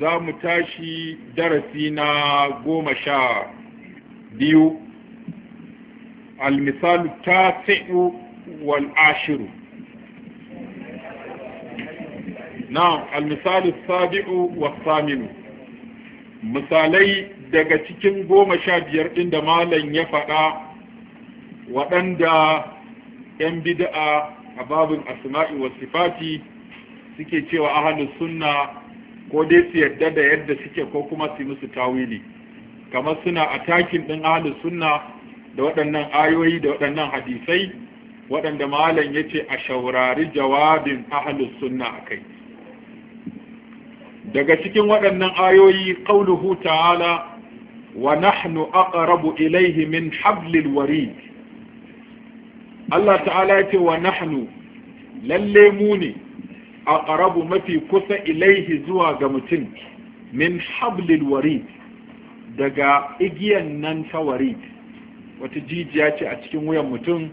za mu tashi darasi na goma sha biyu almisal ta tsaye wal ashiru na almisal sabi'u wa saminu misalai daga cikin goma sha biyar ɗin da malam ya faɗa waɗanda 'yan bida'a a babin asma'i wa sifati suke cewa ahalus sunna ko dai su yarda da yadda suke ko kuma su musu tawili kamar suna a takin ɗin ahalin sunna da waɗannan ayoyi da waɗannan hadisai waɗanda malam ya ce a shaurari jawabin ahlus sunna kai. daga cikin waɗannan ayoyi ƙauluhu ta'ala wa nahnu aqrabu ilayhi min hablil warid Allah ta'ala yace wa nahnu lalle mu ne aqrabu mafi kusa ilaihi zuwa ga mutum min hablil warid daga igiyan nan ta warid wata jijiya ce a cikin wuyan mutum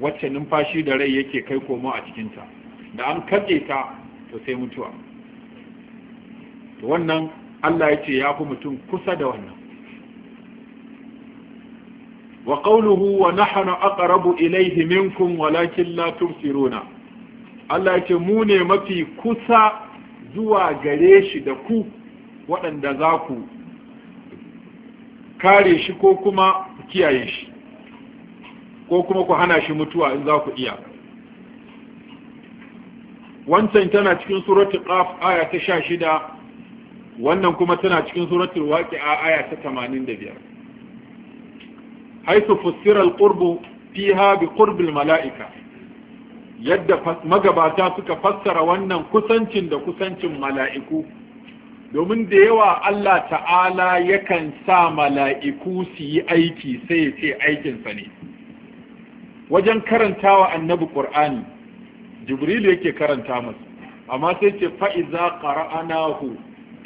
wacce numfashi da rai yake kai komo a cikinta da an katse ta to sai mutuwa to wannan Allah ya ce ya fi mutum kusa da wannan wa qawluhu wa nahnu aqrabu ilayhi minkum walakin la tubsiruna Allah ya ce mu ne mafi kusa zuwa gare shi da ku waɗanda za ku kare shi ko kuma kiyaye shi ko kuma ku hana shi mutuwa in za ku iya wancan tana cikin suratul qaf aya ta 16 wannan kuma tana cikin suratul waqi'a aya ta 85 haythu fusira al-qurbu fiha bi qurbi al-mala'ika yadda magabata suka fassara wannan kusancin da kusancin mala'iku domin da yawa Allah ta'ala yakan sa mala'iku su yi aiki sai ya ce aikinsa ne wajen karantawa annabi ƙur'ani jibril yake karanta masu amma sai ce fa'iza ƙara'anahu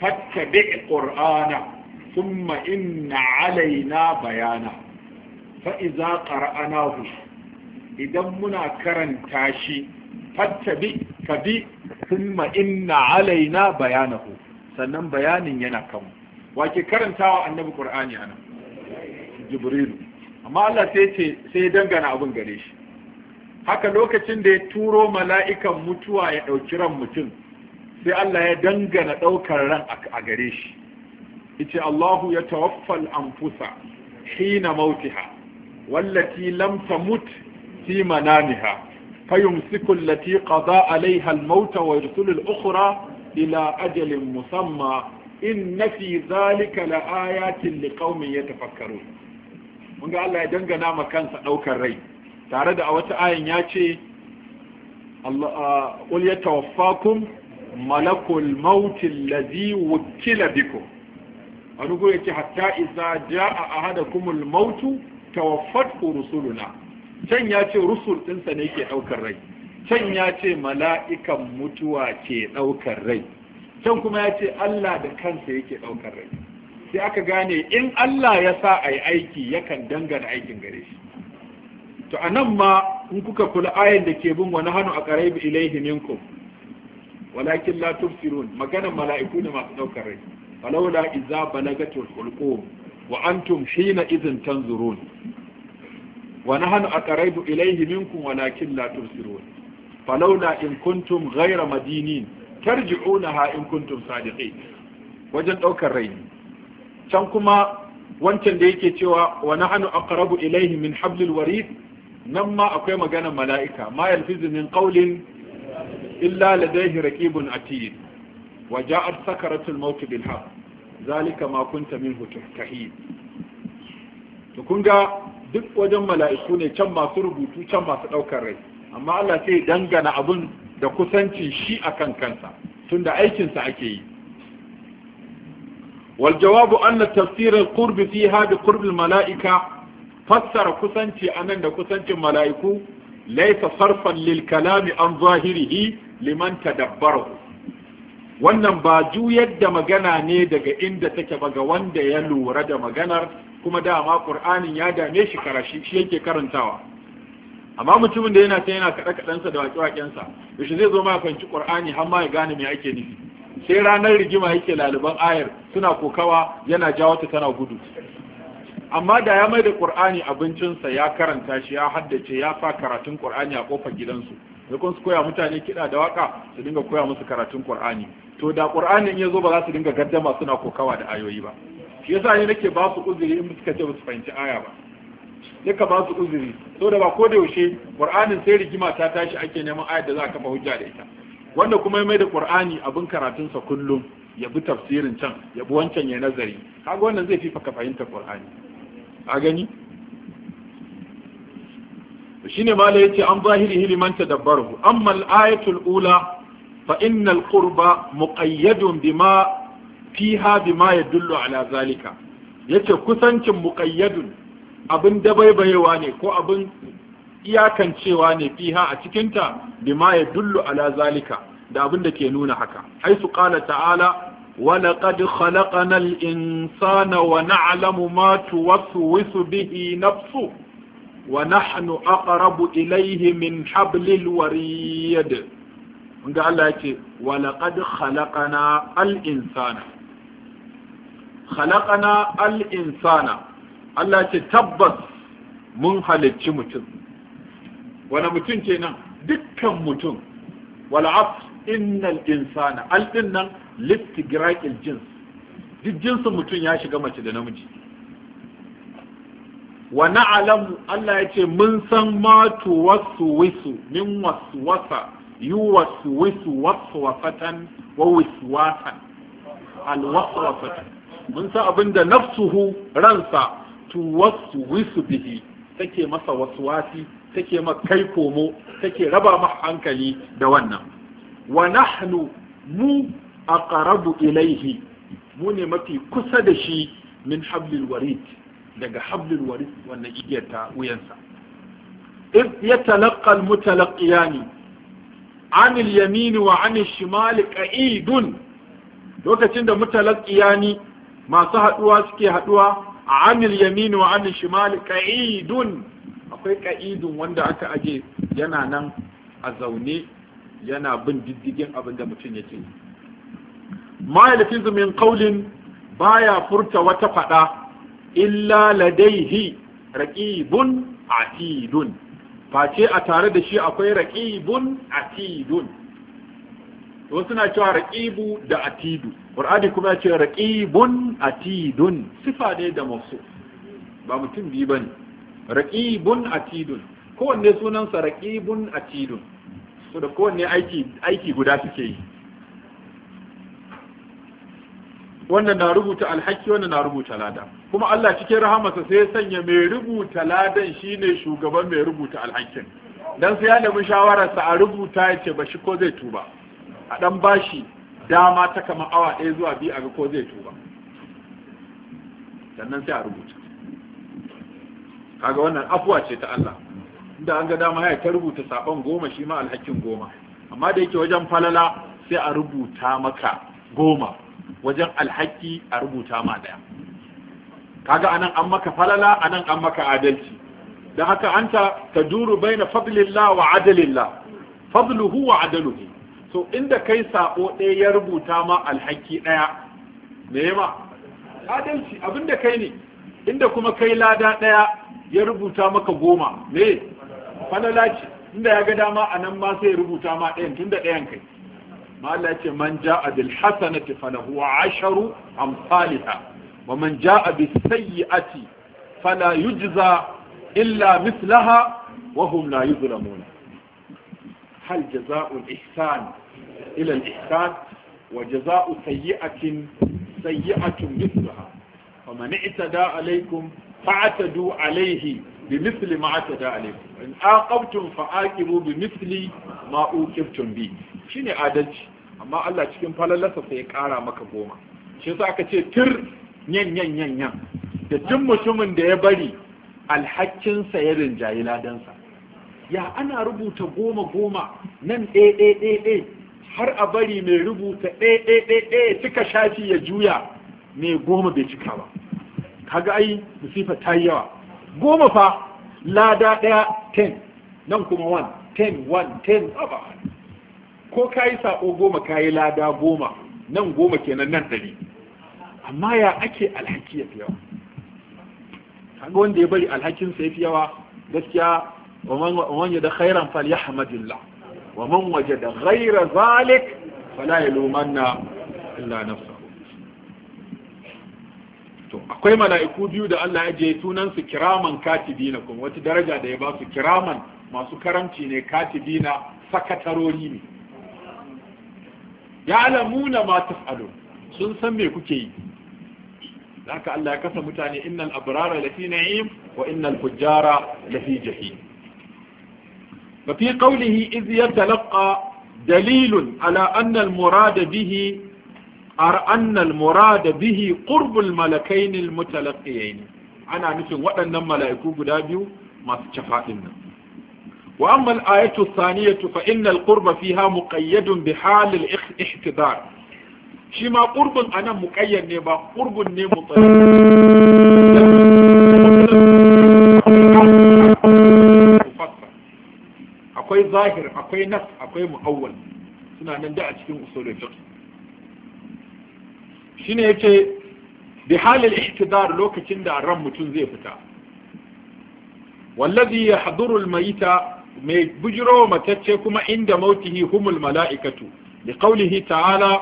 fatka bi ƙur'ana summa inna alaina bayana fa'iza ƙara'anahu idan muna karanta shi fattabi ka bi thumma inna alaina bayanahu sannan bayanin yana kanmu wake karantawa annabi qur'ani anan jibrilu amma Allah sai ce sai dangana abin gare shi haka lokacin da ya turo mala'ikan mutuwa ya ɗauki ran mutum sai Allah ya dangana ɗaukar ran a gare shi ice Allahu ya tawaffal anfusa hina mautiha wallati lam tamut في منامها فيمسك التي قضى عليها الموت ويرسل الأخرى إلى أجل مسمى إن في ذلك لآيات لقوم يتفكرون mun ga Allah ya dangana ma kansa ɗaukar rai tare da wata ayin ya ce ƙul ya tawaffakum malakul mautin lazi wukila biku wani gure ce hatta isa ja'a ahadakumul mautu tawaffat rusuluna can ya ce rusul ɗinsa ne ke ɗaukar rai can ya ce mala'ikan mutuwa ke ɗaukar rai can kuma ya ce Allah da kansa yake ɗaukar rai sai aka gane in Allah ya sa a yi aiki yakan dangana aikin gare shi to a nan ma in kuka kula ayan da ke bin wani hannu a bi ilaihi minkum walakin la tufsirun magana mala'iku ne masu ɗaukar rai falawla iza balagatul hulqum wa antum hina idhin tanzurun Wani nahnu aqraibu ilayhi minkum walakin la tubsirun falawla in kuntum ghayra madinin tarji'unaha in kuntum sadiqin wajen ɗaukar rai can kuma wancan da yake cewa wa a aqrabu ilayhi min hablil warid nan ma akwai magana mala'ika ma yalfizu min qawlin illa ladayhi raqibun atid wa ja'at sakaratul maut bil haqq zalika ma kunta minhu tahid to kun ga duk wajen mala'iku ne can masu rubutu can masu ɗaukar rai amma Allah sai dangana abin da kusancin shi akan kansa tunda aikinsa ake yi Waljawabu An anna tafsirar al qurb fiha bi mala'ika fassara kusanci a nan da kusancin mala'iku laifa farfan lil kalami an zahirihi liman dabbar wannan ba juyar da magana ne daga inda take ba ga wanda ya lura da maganar kuma dama qur'anin ya dame shi karashi shi yake karantawa amma mutumin da yana ta yana kada kaɗensa da waki da shi zai zo ma fanci qur'ani har ma ya gane me ake nufi sai ranar rigima yake laliban ayar suna kokawa yana jawo ta tana gudu amma da ya mai da qur'ani abincinsa ya karanta shi ya haddace ya fa karatun ƙur'ani a kofar gidansu da kun su koya mutane kiɗa da waka su dinga koya musu karatun qur'ani to da qur'anin ya zo ba za su dinga gaddama suna kokawa da ayoyi ba shi yasa ne nake ba su uzuri in suka ce ba su fahimci aya ba nika ba su uzuri da ba ko da yaushe qur'anin sai rigima ta tashi ake neman ayar da za ka kafa hujja da ita wanda kuma ya mai da qur'ani karatun sa kullum ya bi tafsirin can ya bi wancan ya nazari kaga wannan zai fifa ka fahimta qur'ani a gani shine mala yace an zahirihi liman tadabbaru amma al-ayatul ula fa innal qurba muqayyadun bima fiha bima yadullu ala zalika yace kusancin muqayyadun abin dabaibayewa ne ko abin iyakancewa ne fiha a cikinta bima dullu ala zalika da abin da ke nuna haka su qala ta'ala wa laqad khalaqana al-insana wa na'lamu ma tuwaswisu bihi nafsu wa nahnu aqrabu ilayhi min hablil warid ga Allah yake wa laqad khalaqana al-insana khalaqana al-insana Allah ya ce tabbas mun halicci mutum wani mutum kenan dukkan mutum wal af innal insana al inna listigraqil jins duk jinsu mutum ya shiga mace da namiji wa na'lamu Allah ya ce mun san ma tuwaswisu min waswasa yuwaswisu waswasatan wa wiswasan al waswasatan mun san abin da nafsuhu ransa wisu bihi take masa waswasi take ma kai komo take raba ma hankali da wannan wa nahnu mu aqrabu ilayhi mu ne mafi kusa da shi min hablil warid daga hablil warid wannan igiyar ta wuyansa an al yamin wa an al shimal qa'idun lokacin da mutalaqiyani masu haduwa suke haduwa amil yamini wa amil shimali ka'idun akwai ka'idun wanda aka aje yana nan a zaune yana bin diddigin abin da mutum yake ma min qawlin baya furta wata fada illa ladaihi raqibun atidun face a tare da shi akwai raqibun atidun to suna cewa raqibu da atidu qur'ani kuma ya ce raqibun atidun sifa ne da mafsu ba mutum biyu bane raqibun atidun kowanne sa raqibun atidun so da kowanne aiki aiki guda suke yi wannan na rubuta alhaki wannan na rubuta lada kuma Allah cikin rahamarsa sai ya sanya mai rubuta ladan shine shugaban mai rubuta alhakin dan sai ya nemi shawararsa a rubuta ya ce ba shi ko zai tuba a dan bashi dama ta kama awa ɗaya zuwa biyu a ga ko zai tuba sannan sai a rubuta kaga wannan afuwa ce ta Allah inda an ga dama ya ta rubuta sabon goma shi ma alhakin goma amma da yake wajen falala sai a rubuta maka goma wajen alhaki a rubuta ma daya kaga anan an maka falala anan an maka adalci da haka anta bai na fadlillah wa adalillah fadluhu wa adaluhu to inda kai sako ɗaya ya rubuta ma alhaki ɗaya me ma adalci abinda kai ne inda kuma kai lada ɗaya ya rubuta maka goma me falala inda ya ga dama a nan ma sai ya rubuta ma ɗayan tunda ɗayan kai ma Allah ce man ja bil hasanati falahu asharu amsalha wa man ja bis sayyi'ati fala yujza illa mislaha wa hum la yuzlamuna hal jaza'ul ihsan ila al-ihsan wa jazaa'u sayyi'atin sayyi'atun mithlaha faman i'tada alaykum fa'tadu alayhi bimithli ma atada alaykum in aqabtum fa'aqibu bimithli ma uqibtum bi shine adalci amma Allah cikin falalarsa sai ya kara maka goma shi yasa aka ce tir yan yan yan yan da duk mutumin da ya bari alhakinsa ya rinjayi ladansa ya ana rubuta goma goma nan ɗaya ɗaya har a bari mai rubuta ɗaya ɗaya cika shafi ya juya ne goma bai cika ba kaga ai musifa ta yi yawa goma fa lada ɗaya 10 nan kuma 1 10 1 10 ba ko ka yi saɓo goma ka yi lada goma nan goma kenan nan ɗari amma ya ake alhaki ya fi yawa kaga wanda ya bari alhakinsa ya fi yawa gaskiya wa man da khairan fal ya yahmadillah wa man wajada ghayra zalik fala yalumanna illa nafsa to akwai mala'iku biyu da Allah ya je tunan su kiraman katibina kuma wata daraja da ya ba su kiraman masu karamci ne katibina sakatarori ne ya alamuna ma taf'alu sun san me kuke yi haka Allah ya kasa mutane innal abrara lafi na'im wa innal fujjara lafi jahim ففي قوله إذ يتلقى دليل على أن المراد به أن المراد به قرب الملكين المتلقيين أنا نفهم وأن الملائكة قدابيو ما تشفائنا وأما الآية الثانية فإن القرب فيها مقيد بحال الاحتضار شما قرب أنا مقيد نبا قرب نمطلق akwai zahir akwai nas akwai mu'awwal suna nan da a cikin usulul fiqh shine yace bi halil ihtidar lokacin da ran mutum zai fita wallazi yahduru almayita mai bujiro matacce kuma inda mautihi humul mala'ikatu liqawlihi ta'ala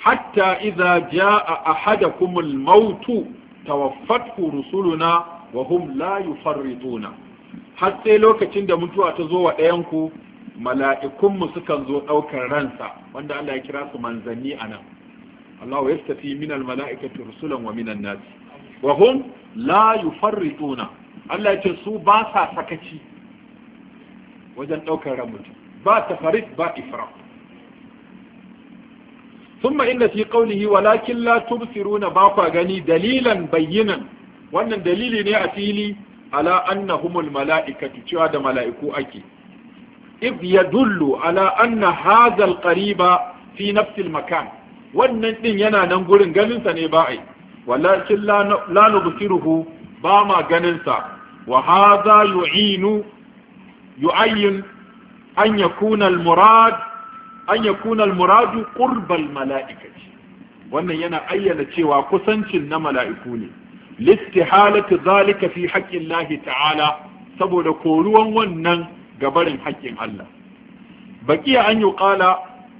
hatta idza jaa ahadakumul mautu tawaffathu rusuluna wa hum la yufarrituna har sai lokacin da mutuwa ta zo wa ɗayanku mala'ikunmu sukan zo ɗaukar ransa wanda Allah ya kira su manzanni a nan Allah ya tafi minal mala'ikatu rusulan wa minan nasi wa hum la yufarrituna Allah ya ce su ba sa sakaci wajen ɗaukar ran mutum ba tafarit ba ifra ثم إن في قوله ولكن لا تبصرون باقا gani dalilan bayyinan wannan dalili ne a fili ala humul mala'ikatu cewa da mala'iku ake if dullu ala anna hadha alqariba fi nafsi almakan wannan din yana nan gurin ganin sa ne ba ai walakin la nubsiruhu ba ma ganin sa wa hadha yu'inu yu'ayyin an yakuna almurad an wannan yana ayyana cewa kusancin na mala'iku ne listihalati zalika fi haƙƙin lahi ta'ala saboda koruwan wannan gabarin haƙƙin Allah Baƙi an yi ƙala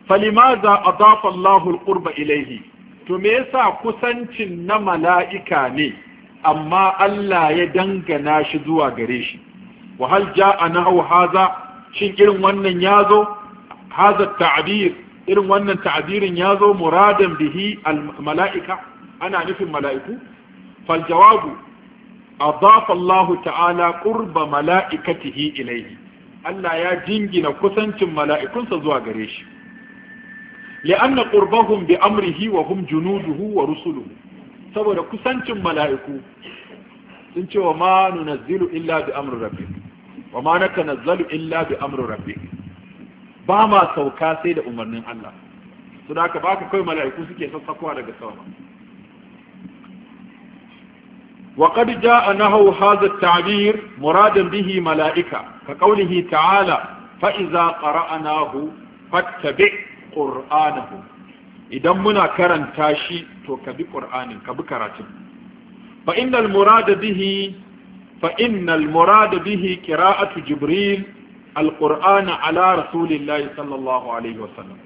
falimaza a zafin lahul ilaihi to me yasa kusancin na mala'ika ne amma Allah ya dangana shi zuwa gare shi wahal ja a na'au haza shin irin wannan ya zo haza ta'abir irin wannan ta'abirin ya zo muradin bihi al mala'ika ana nufin mala'iku فالجواب أضاف الله ƙurba قرب ملائكته إليه ألا يا جنجن كسنت ملائكة سزوى قريش لأن قربهم بأمره وهم جنوده ورسله saboda kusancin mala'iku sun ce wa ma nunazzilu illa bi amri rabbik wa ma naka nazzalu illa bi amri rabbik ba sauka sai da umarnin Allah su da baka kai mala'iku suke sassakowa daga sama وقد جاء نهو هذا التعبير مرادا به ملائكة كقوله تعالى فإذا قرأناه فاتبع قرآنه إذا منا كرن تاشي توكبي قرآن كبكراتب فإن المراد به فإن المراد به قراءة جبريل القرآن على رسول الله صلى الله عليه وسلم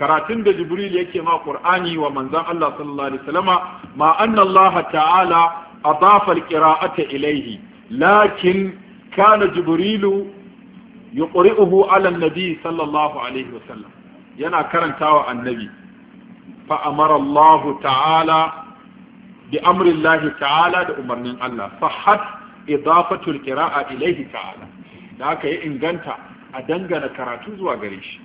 karatun da jibril yake ma qur'ani wa manzon Allah sallallahu alaihi wasallama ma anna Allah ta'ala أضاف القراءة إليه لكن كان جبريل يقرئه على النبي صلى الله عليه وسلم ينا كرن تاوى النبي فأمر الله تعالى بأمر الله تعالى لأمرنا الله صحت إضافة القراءة إليه تعالى ذاك إنجنت أدنجن كراتوز وقريش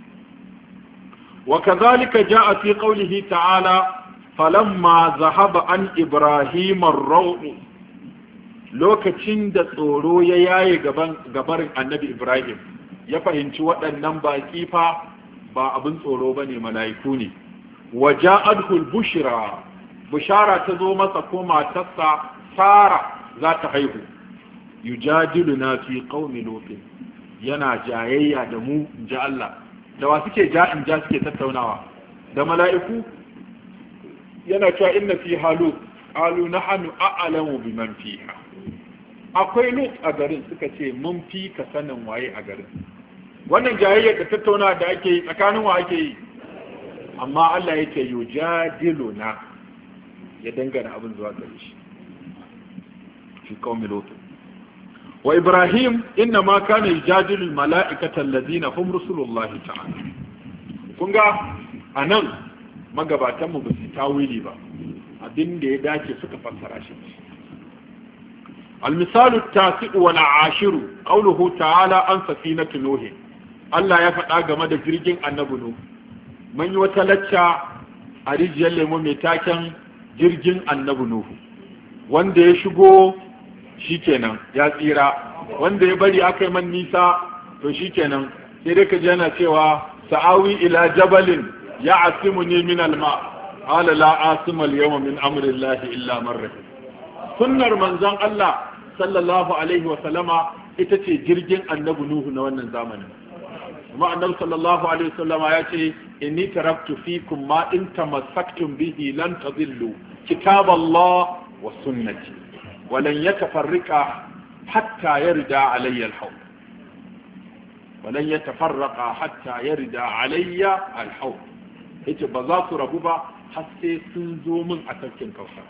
وكذلك جاء في قوله تعالى falamma zahaba an ibrahim rau lokacin da tsoro ya yaye gaban gabarin annabi ibrahim ya fahimci waɗannan baƙi fa ba abin tsoro ba ne mala'iku ne adhul bushira bushara ta zo masa ko matarsa sara za ta haihu na fi qaumi lutin yana jayayya da mu ji Allah da wa suke in ja suke tattaunawa da mala'iku yana cewa inna fi halu alu nahnu a'lamu biman fiha akwai lut a garin suka ce mun fi ka sanin waye a garin wannan jayayya da tattauna da ake yi tsakanin wa ake yi amma Allah yake yujadiluna ya dangana abin zuwa gare shi fi lut wa ibrahim inna ma kana yujadilu al mala'ikata allazina hum rusulullahi ta'ala kun ga anan magabatanmu ba su tawili ba abin da ya dace suka fassara shi المثال wal ashiru قوله ta'ala an safinatu nuh Allah ya faɗa game da jirgin annabi Nuhu man yi wata lacca a rijiyar lemo mai taken jirgin annabi Nuhu wanda ya shigo shikenan ya tsira wanda ya bari aka yi man nisa to shikenan sai dai ka ji yana cewa sa'awi ila jabalin Ya يعصمني من الماء قال لا عاصم اليوم من أمر الله إلا من رحم sunnar manzon Allah sallallahu alaihi wa sallama ita ce jirgin annabi Nuhu na wannan zamanin kuma annabi sallallahu alaihi wa sallama ya ce inni taraktu fikum ma in tamassaktum bihi lan tadillu kitab Allah wa sunnati wa lan yatafarraqa hatta yarda alayya al wa lan yatafarraqa hatta yarda alayya al yace ba za su rabu ba har sai sun zo min a tafkin kausa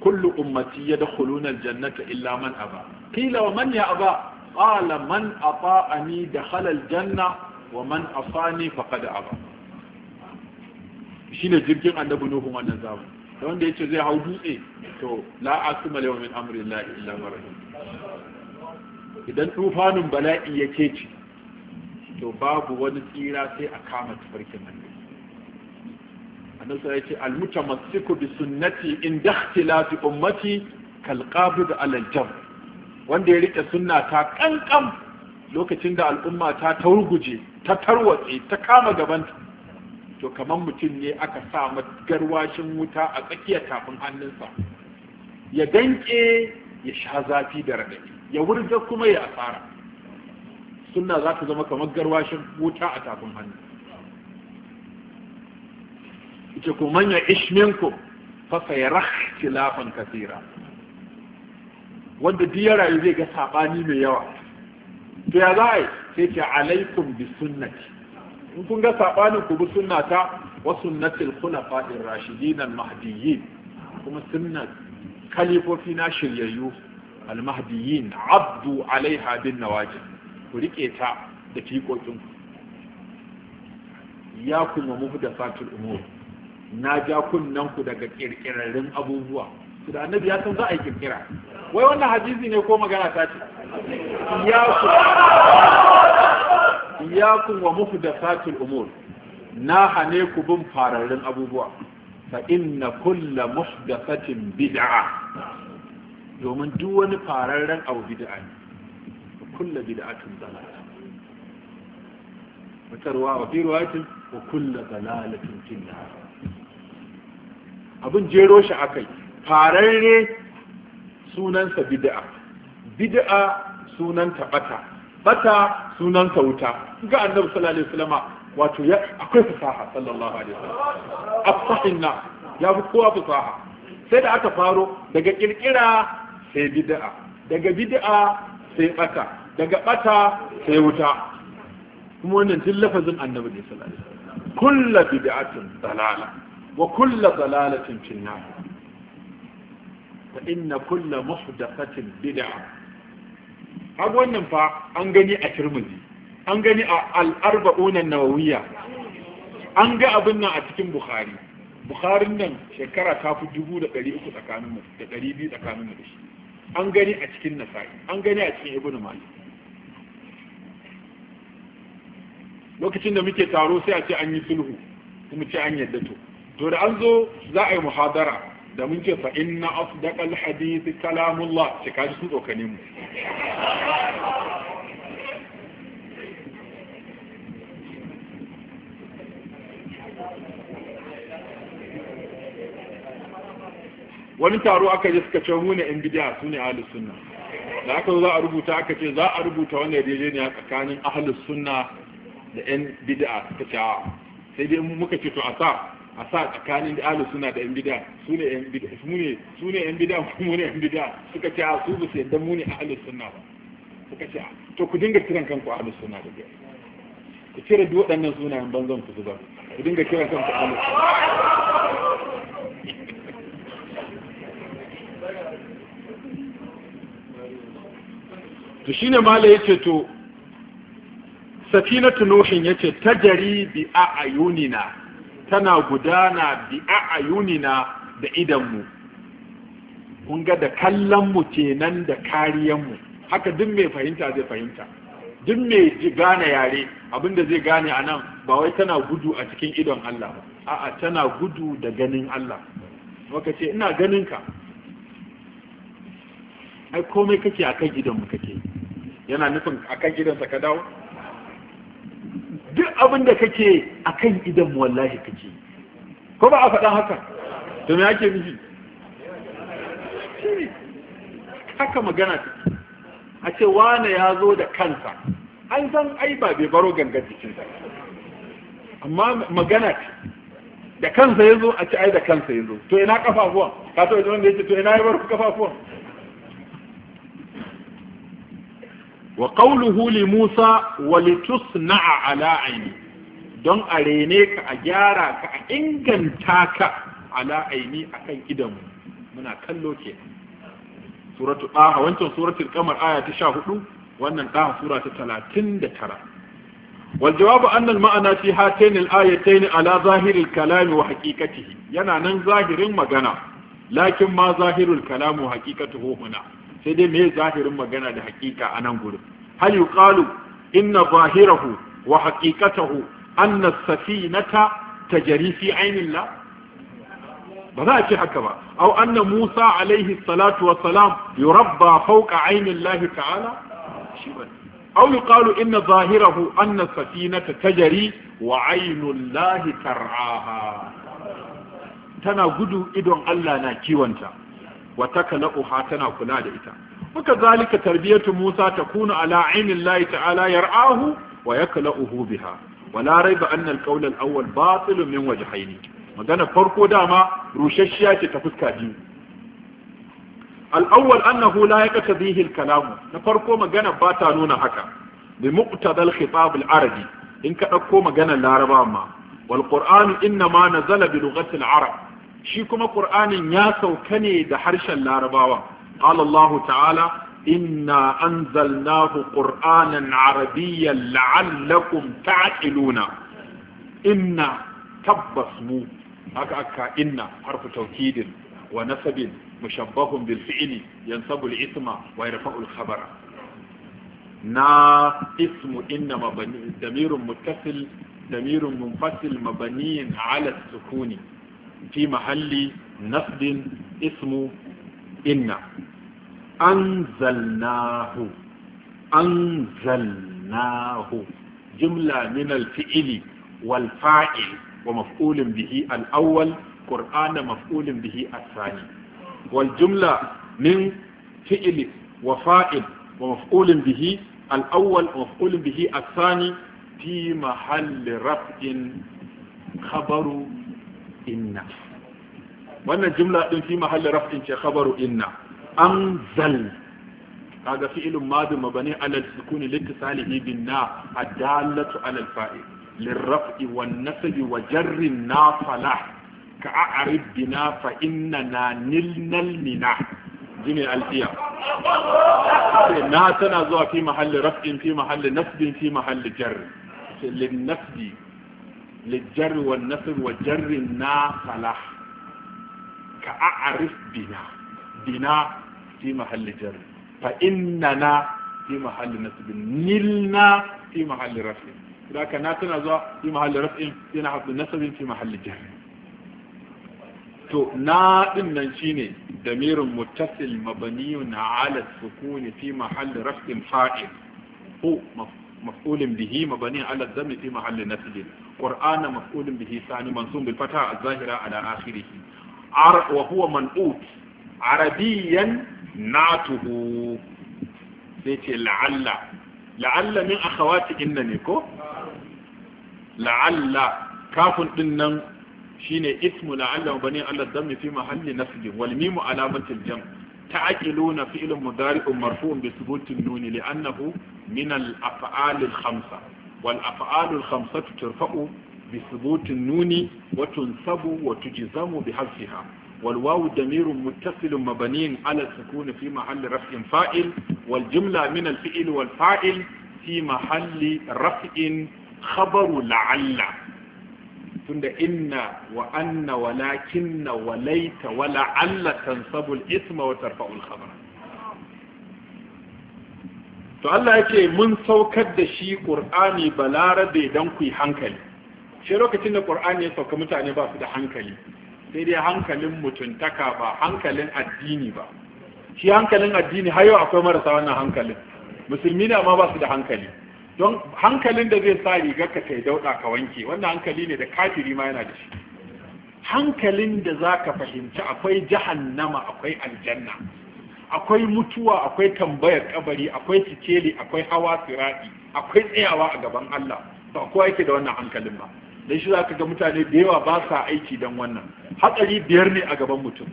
kullu ummati yadkhuluna aljannata illa man aba qila wa man ya aba qala man ata'ani dakhala aljanna wa man asani faqad aba shine jirgin annabi nuhu wannan zamani da wanda yace zai hau dutse to la asma min amri illa ma rahim idan tufanin bala'i ya keci to babu wani tsira sai a kama tafarkin annabi annabi ya ce almutamassiku bi sunnati in dakhtilafi ummati kalqabid da aljam wanda ya rike sunna ta kankan lokacin da al'umma ta tawurguje ta tarwatse ta kama gabanta to kamar mutum ne aka sa garwashin wuta a tsakiyar tafin hannunsa ya danke ya sha zafi da raɗaɗi ya wurga kuma ya asara sunna za ta zama kamar garwashin wuta a tafin hannu ita ku manya ishminku fasa ya rakhtilafan kasira wanda duk ya zai ga sabani mai yawa to ya za a yi sai ce alaikum bi sunnati in kun ga sabanin ku bi sunnata wa sunnatil khulafa'ir rashidin al mahdiyyin kuma sunnat kalifofi na shiryayyu al mahdiyyin abdu alaiha bin nawajib ku riƙe ta da fiƙoƙin ya kuma mufi da fatul umur na ja kunnen ku daga ƙirƙirarrin abubuwa su da annabi ya san za a yi ƙirƙira wai wannan hadisi ne ko magana ta ce ya kuma mufi da fatul umur na hane ku bin fararrun abubuwa fa inna kulla muhdathatin bid'a domin duk wani fararren abu bid'a ne kulla bid'atin dalala watarwa wa fi riwayatin wa kulla dalalatin tinna abin jero shi akai fararre sunansa bid'a bid'a sunan tabata bata sunan wuta ga annabi sallallahu alaihi wasallama wato ya akwai fasaha sallallahu alaihi wasallam afsahinna ya fi kowa fasaha sai da aka faro daga ƙirƙira sai bid'a daga bid'a sai bata daga bata sai wuta kuma wannan duk lafazin annabi ne sallallahu alaihi wasallam kullu bid'atin dalala wa kullu dalalatin fi nar fa inna kullu muhdathatin bid'a har wannan fa an gani a Tirmidhi an gani a al-arba'un an-nawawiyya an ga abin nan a cikin Bukhari Bukharin nan shekara ta fi dubu da ɗari uku tsakaninmu da ɗari biyu tsakanin tsakaninmu da shi an gani a cikin nasa'i an gani a cikin ibnu malik lokacin da muke taro sai a ce an yi sulhu kuma ce an yadda to to da an zo za a yi muhadara da mun ce fa inna asdaqal hadith kalamullah ce kaji sun tsokane mu wani taro aka je suka ce mu ne in bidiya su ne ahlus sunna da aka zo za a rubuta aka ce za a rubuta wannan yarjejeniya tsakanin ahlus sunna da yan bid'a suka cewa sai dai muka ce to a sa a sa tsakanin da alu suna da yan bid'a su ne yan bid'a su ne su ne yan bid'a mu ne yan bid'a suka ce a su ba su yadda mu ne alu suna ba suka ce to ku dinga kiran kanku alu suna da biyar ku cire duk waɗannan sunayen banzan ku zuba ku dinga kiran kanku ahlus sunna to shine malai yace to safinatu nuhin yace jari bi a'yunina tana gudana bi a'yunina da idanmu kun ga da kallon mu kenan da kariyan mu haka duk mai fahimta zai fahimta duk mai gane yare abinda zai gane a nan ba wai tana gudu a cikin idon Allah ba a'a tana gudu da ganin Allah waka ce ina ganin ka ai komai kake akan gidan mu kake yana nufin akan gidansa ka dawo duk abin da kake akan idan wallahi kake ko ba a faɗa haka to me ake nufi haka magana ta. a ce wane ya zo da kansa an san ai ba bai baro gangar jikinsa amma magana ta da kansa ya zo a ce ai da kansa ya zo to ina kafafuwa ka to wanda ya ce to ina ya baro kafafuwa وقوله لموسى ولتصنع على عيني don a rene ka a gyara ka a inganta ka ala'ani aini a kan idanmu muna kallo ke suratu ɗaha wancan suratul kamar aya ta sha hudu wannan ɗaha sura talatin da tara wal jawabu annal ma'ana fi hatain al ayatain ala zahiril kalami wa haqiqatihi yana nan zahirin magana lakin ma zahirul kalamu haqiqatuhu huna sai dai me zahirin magana da hakika a nan gurin hal yuqalu inna zahirahu wa haqiqatahu anna as-safinata tajri fi aynillah ba za a ce haka ba au anna Musa alaihi salatu wa salam yurabba fawqa aynillahi ta'ala shi ba au yuqalu inna zahirahu anna as-safinata tajri wa aynullahi tar'aha tana gudu idon Allah na kiwanta wa uha tana kula da ita muka zalika tarbiyatu Musa takunu ala aini Allah ta'ala yar'ahu wa yakla'uhu biha wa la raiba anna al-qawl al-awwal batil min wajhaini magana farko dama rushashiya ce ta fuska biyu al-awwal annahu la yaqtadihi al-kalam na farko magana ba ta nuna haka bi muqtada al-khitab al-arabi in ka dauko maganar larabawa ma wal qur'an inna ma nazala bi lughati al-arab shi kuma ƙur'anin ya sauka ne da harshen larabawa Al'allahu ta'ala inna anzalnahu qur'anan arabiyyan la'allakum ta'qiluna inna tabbas mu haka aka inna harfu taukidin wa nasabin mushabbahun bil fi'li yansabu al isma wa yarfa'u al khabara na ismu inna mabani damirun muttasil damirun munfasil mabaniyin ala sukuni fi mahalli nasbin ismu inna anzalnahu anzalnahu jimla min alfi'ili wal fa'il wa maf'ulin bihi al-awwal qur'ana bihi al wal jumla min fi'ili wa fa'il wa maf'ulin bihi al wa maf'ulin bihi al fi mahalli rafin khabaru inna wannan jumla din fi mahalli raf'in ce khabaru inna anzal kaga fi'ilun madi mabani ala sukuni litisalihi bin na adallatu ala alfa'i lirraf'i wan nasbi wa jarri nafala ka a'rib bina fa na nilnal mina jini alfiya na tana zuwa fi mahalli raf'in fi mahalli nasbin fi mahalli jarri lin nasbi للجر والنصب وجر الناصلة كأعرف بنا بنا في محل جر فإننا في محل نصب نلنا في محل رفع إذا ناتنا زو في محل رفع في نحو نصب في محل جر to na din nan shine damirin muttasil mabaniyun ala sukuni fi mahall raf'in fa'il hu مفعول به مبني على الذم في محل نسب قرآن مفعول به ثاني منصوب بالفتحة الظاهرة على آخره عر وهو منقوط عربيا نعته سيتي لعل لعل من أخواتي إنني كو لعل كاف إنن شيني اسم لعل مبني على الذم في محل نسب والميم علامة الجمع ta ta'qiluna fi'l mudari'un marfu'un bi thubutin nuni li'annahu minal al-af'al al-khamsa wal af'al al-khamsa turfa'u bi thubutin nuni wa tunsabu wa tujzamu bi hafsiha wal wawu damirun muttasilun mabaniyin ala sukuni fi mahalli raf'in fa'il wal jumla min al wal fa'il fi mahalli raf'in khabaru la'allah. tunda inna wa anna walakinna walaita wala alla tansabul isma wa tarfa'ul khabar to Allah yake mun saukar da shi Qur'ani balarabe dan ku hankali shi lokacin da Qur'ani ya sauka mutane ba su da hankali sai dai hankalin mutuntaka ba hankalin addini ba shi hankalin addini har yau akwai marasa wannan hankalin musulmi ne amma ba su da hankali don hankalin da zai sa rigar ka tai dauɗa ka wanke wannan hankali ne da kafiri ma yana da shi hankalin da za ka fahimci akwai jahannama akwai aljanna akwai mutuwa akwai tambayar kabari akwai sikeli akwai hawa sirati akwai tsayawa a gaban Allah ba kowa yake da wannan hankalin ba dan shi za ka ga mutane da yawa ba sa aiki dan wannan hatsari biyar ne a gaban mutum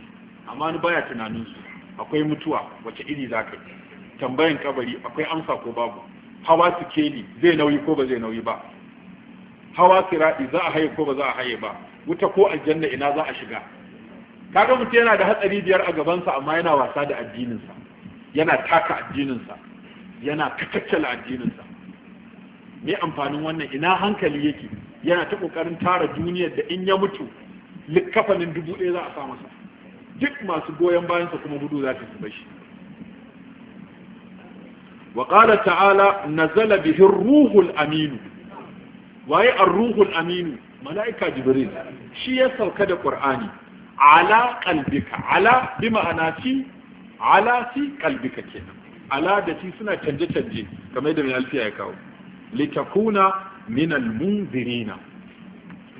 amma ni baya tunanin su akwai mutuwa wace iri zaka yi tambayan kabari akwai amsa ko babu hawa keli zai nauyi ko ba zai nauyi ba hawa raɗi za a haye ko ba za a haye ba wuta ko aljanna ina za a shiga kaga mutum yana da hatsari biyar a gabansa amma yana wasa da addininsa yana taka addininsa yana kakaccala addininsa me amfanin wannan ina hankali yake yana ta kokarin tara duniyar da in ya mutu likkafanin dubu ɗaya za a sa masa duk masu goyon bayansa kuma gudu za ta zuba shi wa qala ta'ala nazala bihi ruhul aminu waye ar-ruhul aminu malaika jibril shi ya sauka da qur'ani ala qalbika ala bi ma'ana fi ala fi qalbika kenan ala da ci suna canje canje kamar da mai alfiya ya kawo litakuna min al-munzirina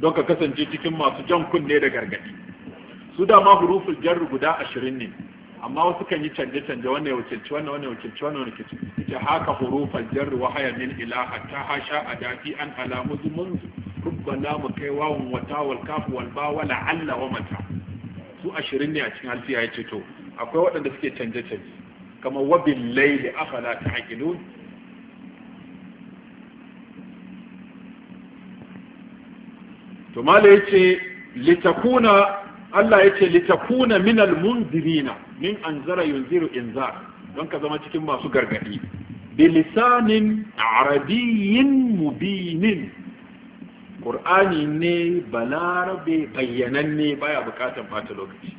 don ka kasance cikin masu jan kunne da gargadi su dama huruful jarr guda ashirin ne amma wasu kan yi canje-canje wannan ya wakilci wannan wannan ya wakilci wannan wannan wakilci ita haka hurufan jar wa haya min ilaha ta hasha a dafi an alamu zumun rubbala mu kai wawan wata wal kafu wal ba wala alla wa mata su ashirin ne a cikin alfiya ya ce to akwai waɗanda suke canje-canje kamar wabin laili afala ta haƙilun to mala ya ce litakuna Allah ya ce litakuna minal munzirina min anzara yunziru inzar don ka zama cikin masu gargadi bilisanin arabiyyin mubinin Qur'ani ne balarabe bayyananne baya bukatan bata lokaci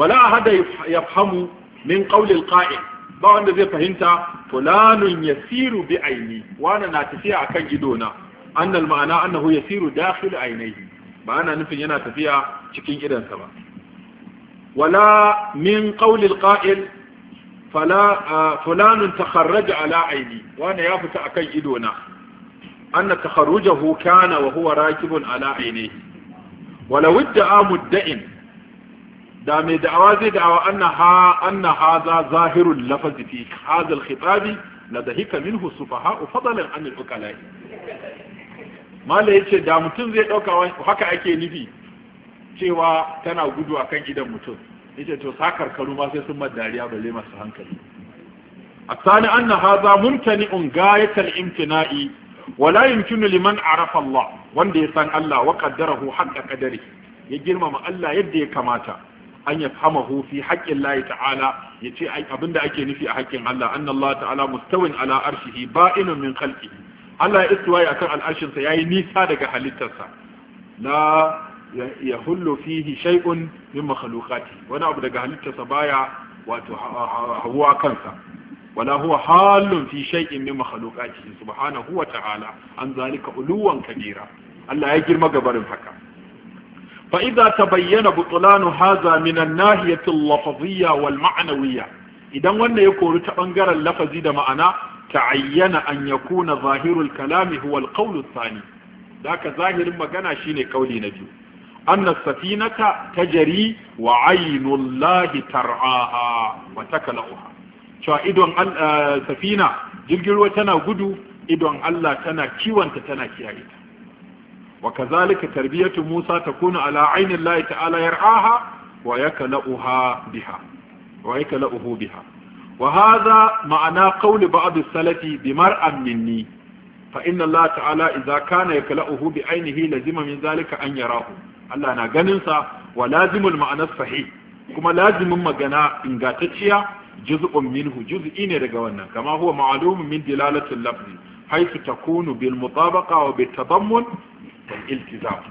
wala hada yafhamu min qawli alqa'il ba wanda zai fahimta fulanun yasiru bi aini wana na tafiya akan idona annal ma'ana annahu yasiru dakhil ainihi ba ana nufin yana tafiya cikin idansa ba wala min qawlil qa'il fala fulanun takharraja ala aini wanda ya fita akan ido na anna takharrujahu kana wa huwa rakibun ala aini wala wadda'a mudda'in da mai da'awa zai da'awa anna ha anna hadha zahirul lafzi fi hadha al-khitab la dahika minhu sufaha'u fadlan an al-uqala'i mala ce da mutum zai ɗauka haka ake nufi cewa tana gudu akan gidan mutum ce to sakar karkaru ma sai sun madariya zai masu hankali a الثاني haza muntani ممتنع غاية الامتناء wala يمكن لمن عرف الله wanda ya san Allah wa qaddarahu haqqa qadari ya girmama Allah yadda ya kamata an ya fahamahu fi haƙƙin Allah ta'ala ya ce abinda ake nufi a haƙƙin Allah annallahu ta'ala mustawin ala arshihi ba'inun min khalqihi Allah ya istiwaye akan al'arshinsa yayi nisa daga halittarsa la ya hullu fihi shay'un min makhluqati wani abu daga halittarsa baya wato hawa kansa wala huwa halun fi shay'in min makhluqati subhanahu wa ta'ala an zalika uluwan kabira Allah ya girma gabarin haka fa idza tabayyana butlanu hadha min an-nahiyati al-lafziyya wal ma'nawiyya idan wanda ya kori ta bangaren lafazi da ma'ana ta'ayyana an na zahirul kalami huwa alqawl athani daka zahirin magana shine kauli na biyu anna safinata tajri wa aynullahi tar'aha wa takalaha cewa idon eh, safina jirgin ruwa tana gudu idon Allah tana kiwanta tana kiyaye ta wakazalika tarbiyatu Musa ta ala aynillahi ta'ala yar'aha wa yakalaha biha wa yakalahu biha wa hadha ma'ana qawli ba'd as-salafi bi mar'an minni fa inna Allah ta'ala idza kana yakla'uhu bi ainihi lazima zalika an yarahu Allah na ganin sa wa lazimul ma'ana sahih kuma lazimin magana ingantacciya juz'un minhu juz'i ne daga wannan kama huwa ma'lumun min dilalatil lafzi haythu takunu bil mutabaqa wa bit tadammun wal iltizam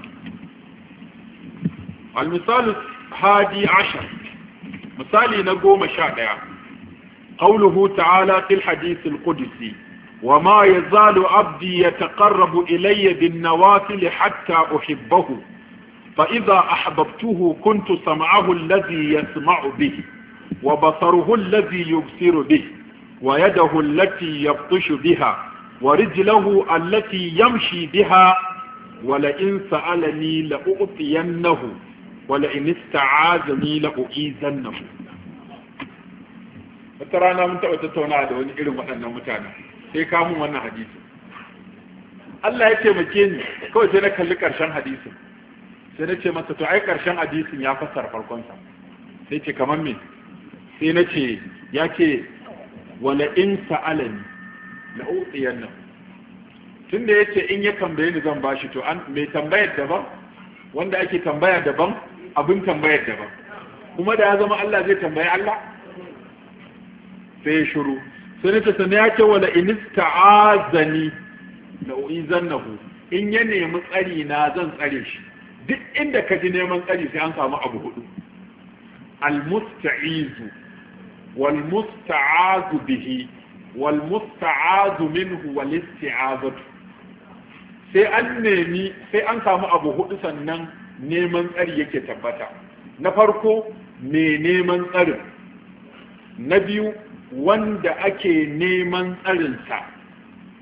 al misal hadi ashar misali na goma sha ɗaya قوله تعالى في الحديث القدسي وما يزال عبدي يتقرب إلي بالنوافل حتى أحبه فإذا أحببته كنت سمعه الذي يسمع به وبصره الذي يبصر به ويده التي يبطش بها ورجله التي يمشي بها ولئن سألني لأعطينه ولئن استعاذني لأعيذنه wata rana mun taɓa tattauna da wani irin waɗannan mutane sai kamun wannan hadisi Allah ya taimake ni kawai sai na kalli ƙarshen hadisin sai na ce masa to ai ƙarshen hadisin ya fassara farkonsa sai ce kamar me sai na ce ya ce wala in sa'alani la utiyanna tunda yace in ya tambaye ni zan bashi to an mai tambayar daban wanda ake tambaya daban abin tambayar daban kuma da ya zama Allah zai tambaye Allah sai ya shiru sai nake sani ya ce wala in ista'azani la uizannahu in ya nemi tsari na zan tsare shi duk inda ka ji neman tsari sai an samu abu hudu al musta'izu wal bihi wal musta'azu minhu wal sai an nemi sai an samu abu hudu sannan neman tsari yake tabbata na farko me neman tsarin na biyu wanda ake neman tsarinsa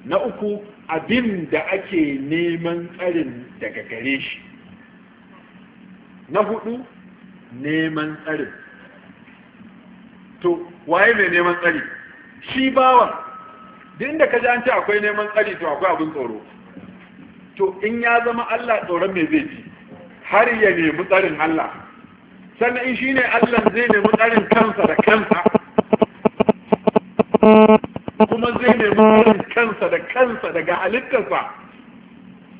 na uku abin da ake neman tsarin daga gare shi na hudu neman tsarin to waye mai neman tsari shi bawa duk inda ka ji an ce akwai neman tsari to akwai abin tsoro to in ya zama Allah tsoron me zai ji har ya nemi tsarin Allah sannan in ne Allah zai nemi tsarin kansa da kansa kuma zai nemi kansa da kansa daga halittarsa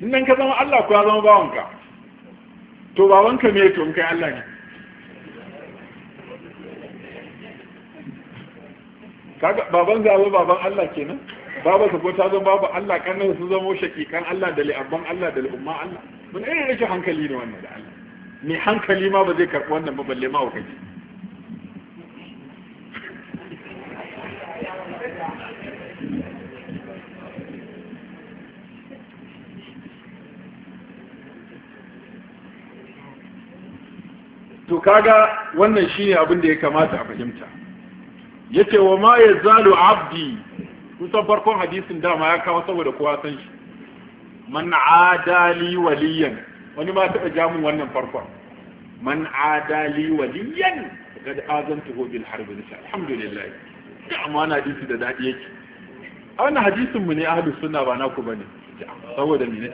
nan ka zama Allah ko ya zama bawanka to bawanka ne to kai Allah ne kaga baban zama baban Allah kenan baba su ko ta zama babu Allah kan su zama shakikan Allah da li'abban Allah da li'umma Allah mun irin rashin hankali ne wannan da Allah ne hankali ma ba zai karɓi wannan ba balle ma wakaci to kaga wannan shine abin da ya kamata a fahimta yace wa ma yazalu abdi kusan farkon hadisin dama ya kawo saboda kowa san shi man adali waliyan wani ma taɓa jamun wannan farkon man adali waliyan kad azantuhu bil harbi alhamdulillah da amana hadisi da dadi yake a wannan hadisin mu ne ahlus sunna ba naku bane saboda me ne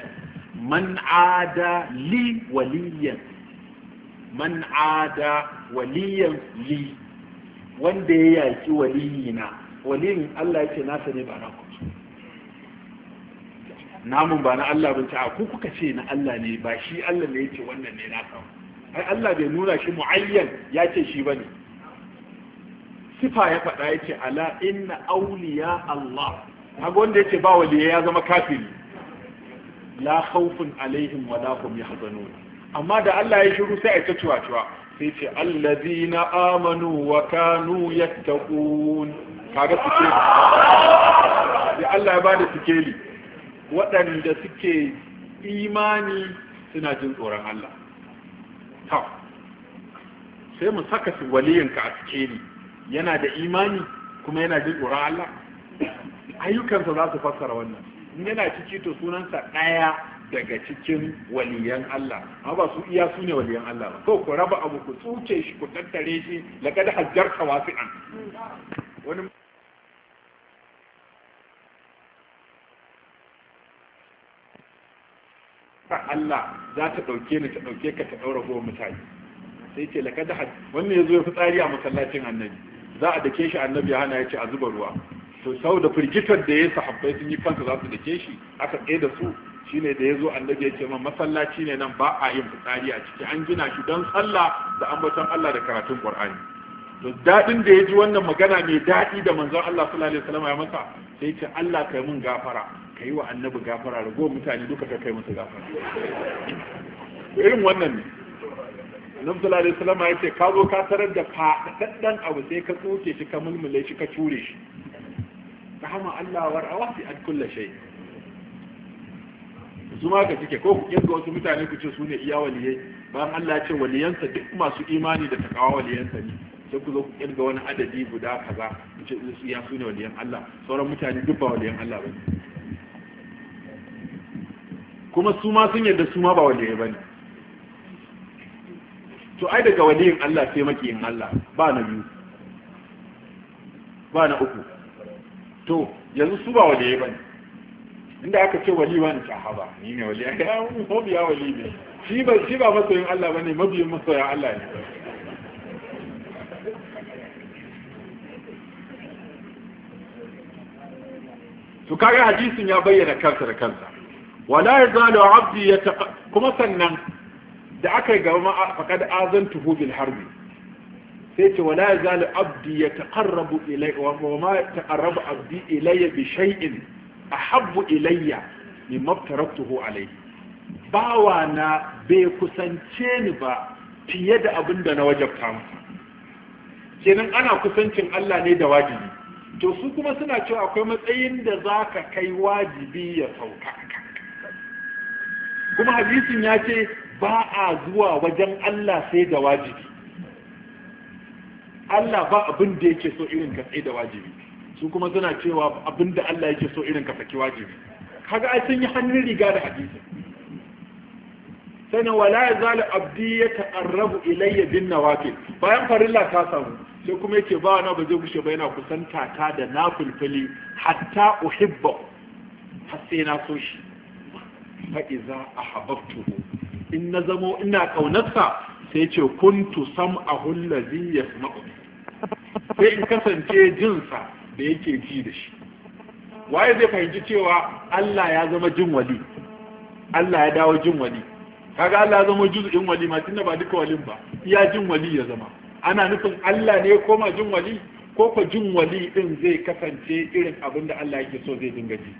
man adali waliyan man ada waliyan li wanda ya yaki waliyina waliyin Allah yake nasa ne ba na ku namun ba na Allah bin ta ku kuka ce na Allah ne ba shi Allah ne yake wannan ne nasa ai Allah bai nuna shi muayyan ya ce shi bane sifa ya faɗa yace ala inna awliya Allah kaga wanda yake ba waliya ya zama kafiri la khawfun alaihim wa la hum yahzanun amma da Allah ya shiru sai a ta cuwa-cuwa sai ce allazi na amanu wa kanu ya taƙun kaga suke da Allah ya ba da sikeli waɗanda suke imani suna jin tsoron Allah ta sai mu saka su waliyinka a sikeli yana da imani kuma yana jin tsoron Allah ayyukansa za su fassara wannan in yana ciki to sunansa ɗaya daga cikin waliyan Allah amma ba su iya su ne waliyan Allah ba ko ku raba abu ku tsuce shi ku tattare shi laqad hajjarta wasi'an wani Allah za ta ɗauke ni ta ɗauke ka ta ɗaura gowa mutane sai ce laka da wannan ya zo ya fi tsari a masallacin annabi za a dake shi annabi ya hana ya ce a zuba ruwa to sau da firgitar da ya sahabbai sun yi kansa za su dake shi aka tsaye da su shine da yazo annabi yake ma masallaci ne nan ba a yin fitsari a ciki an gina shi don sallah da ambaton Allah da karatun Qur'ani to dadin da yaji wannan magana mai dadi da manzon Allah sallallahu alaihi wasallam ya masa sai ce Allah kai mun gafara kai wa annabi gafara rago mutane duka ka kai musu gafara irin wannan ne annabi sallallahu alaihi wasallam ya ce ka zo ka tarar da fadaddan abu sai ka tsoke shi ka mulmule shi ka cure shi rahama Allah wa rawasi ad kullu shay' su ma ka cike ko ku kirga wasu mutane ku ce su ne iya waliyai bayan Allah ya ce waliyansa duk masu imani da takawa waliyansa ne sai ku zo ku kirga wani adadi guda kaza ku ce su ya su ne waliyan Allah sauran mutane duk ba waliyan Allah ba kuma su ma sun yarda su ma ba waliyai ba ne to ai daga waliyin Allah sai makiyin Allah ba na biyu ba na uku to yanzu su ba waliyai ba ne inda aka ce wali wani sahaba ni ne wali aka ya mabiya wali ne shi ba shi ba masoyin Allah bane mabiyin masoyin Allah ne Su kare hadisin ya bayyana kansa da kansa wala ya yazalu abdi ya yataqa kuma sannan da aka yi gaba faqad azantuhu bil harbi sai ce wala ya yazalu abdi yataqarrabu ilayya wa ma taqarraba abdi ilayya bi shay'in ahabbu ilayya min taraktuhu alayhi bawa na bai kusance ni ba fiye da abin da na wajabta masa kenan ana kusancin Allah ne da wajibi to su kuma suna cewa akwai matsayin da zaka kai wajibi ya sauka kuma hadisin ya ce ba a zuwa wajen Allah sai da wajibi Allah ba abin da yake so irin ka da wajibi su kuma suna cewa abinda Allah yake so irin ka saki wajibi kaga ai sun yi hannun riga da hadisi sana wala yazalu abdi yata'arrabu ilayya bin nawafil bayan farilla ta samu sai kuma yake ba na ba zai gushe ba yana kusanta ta da nafilfili hatta uhibba har sai na so shi fa iza ahabbtu in na zamo ina kaunarsa sai ce kuntu sam'ahu allazi yasma'u sai in kasance jinsa da yake ji da shi waye zai fahimci cewa Allah ya zama jin wali Allah ya dawo jin wali kaga Allah ya zama juz'in wali ma tunda ba duka walin ba iya jin wali ya zama ana nufin Allah ne koma jin wali ko ko jin wali din zai kasance irin abin da Allah yake so zai dinga ji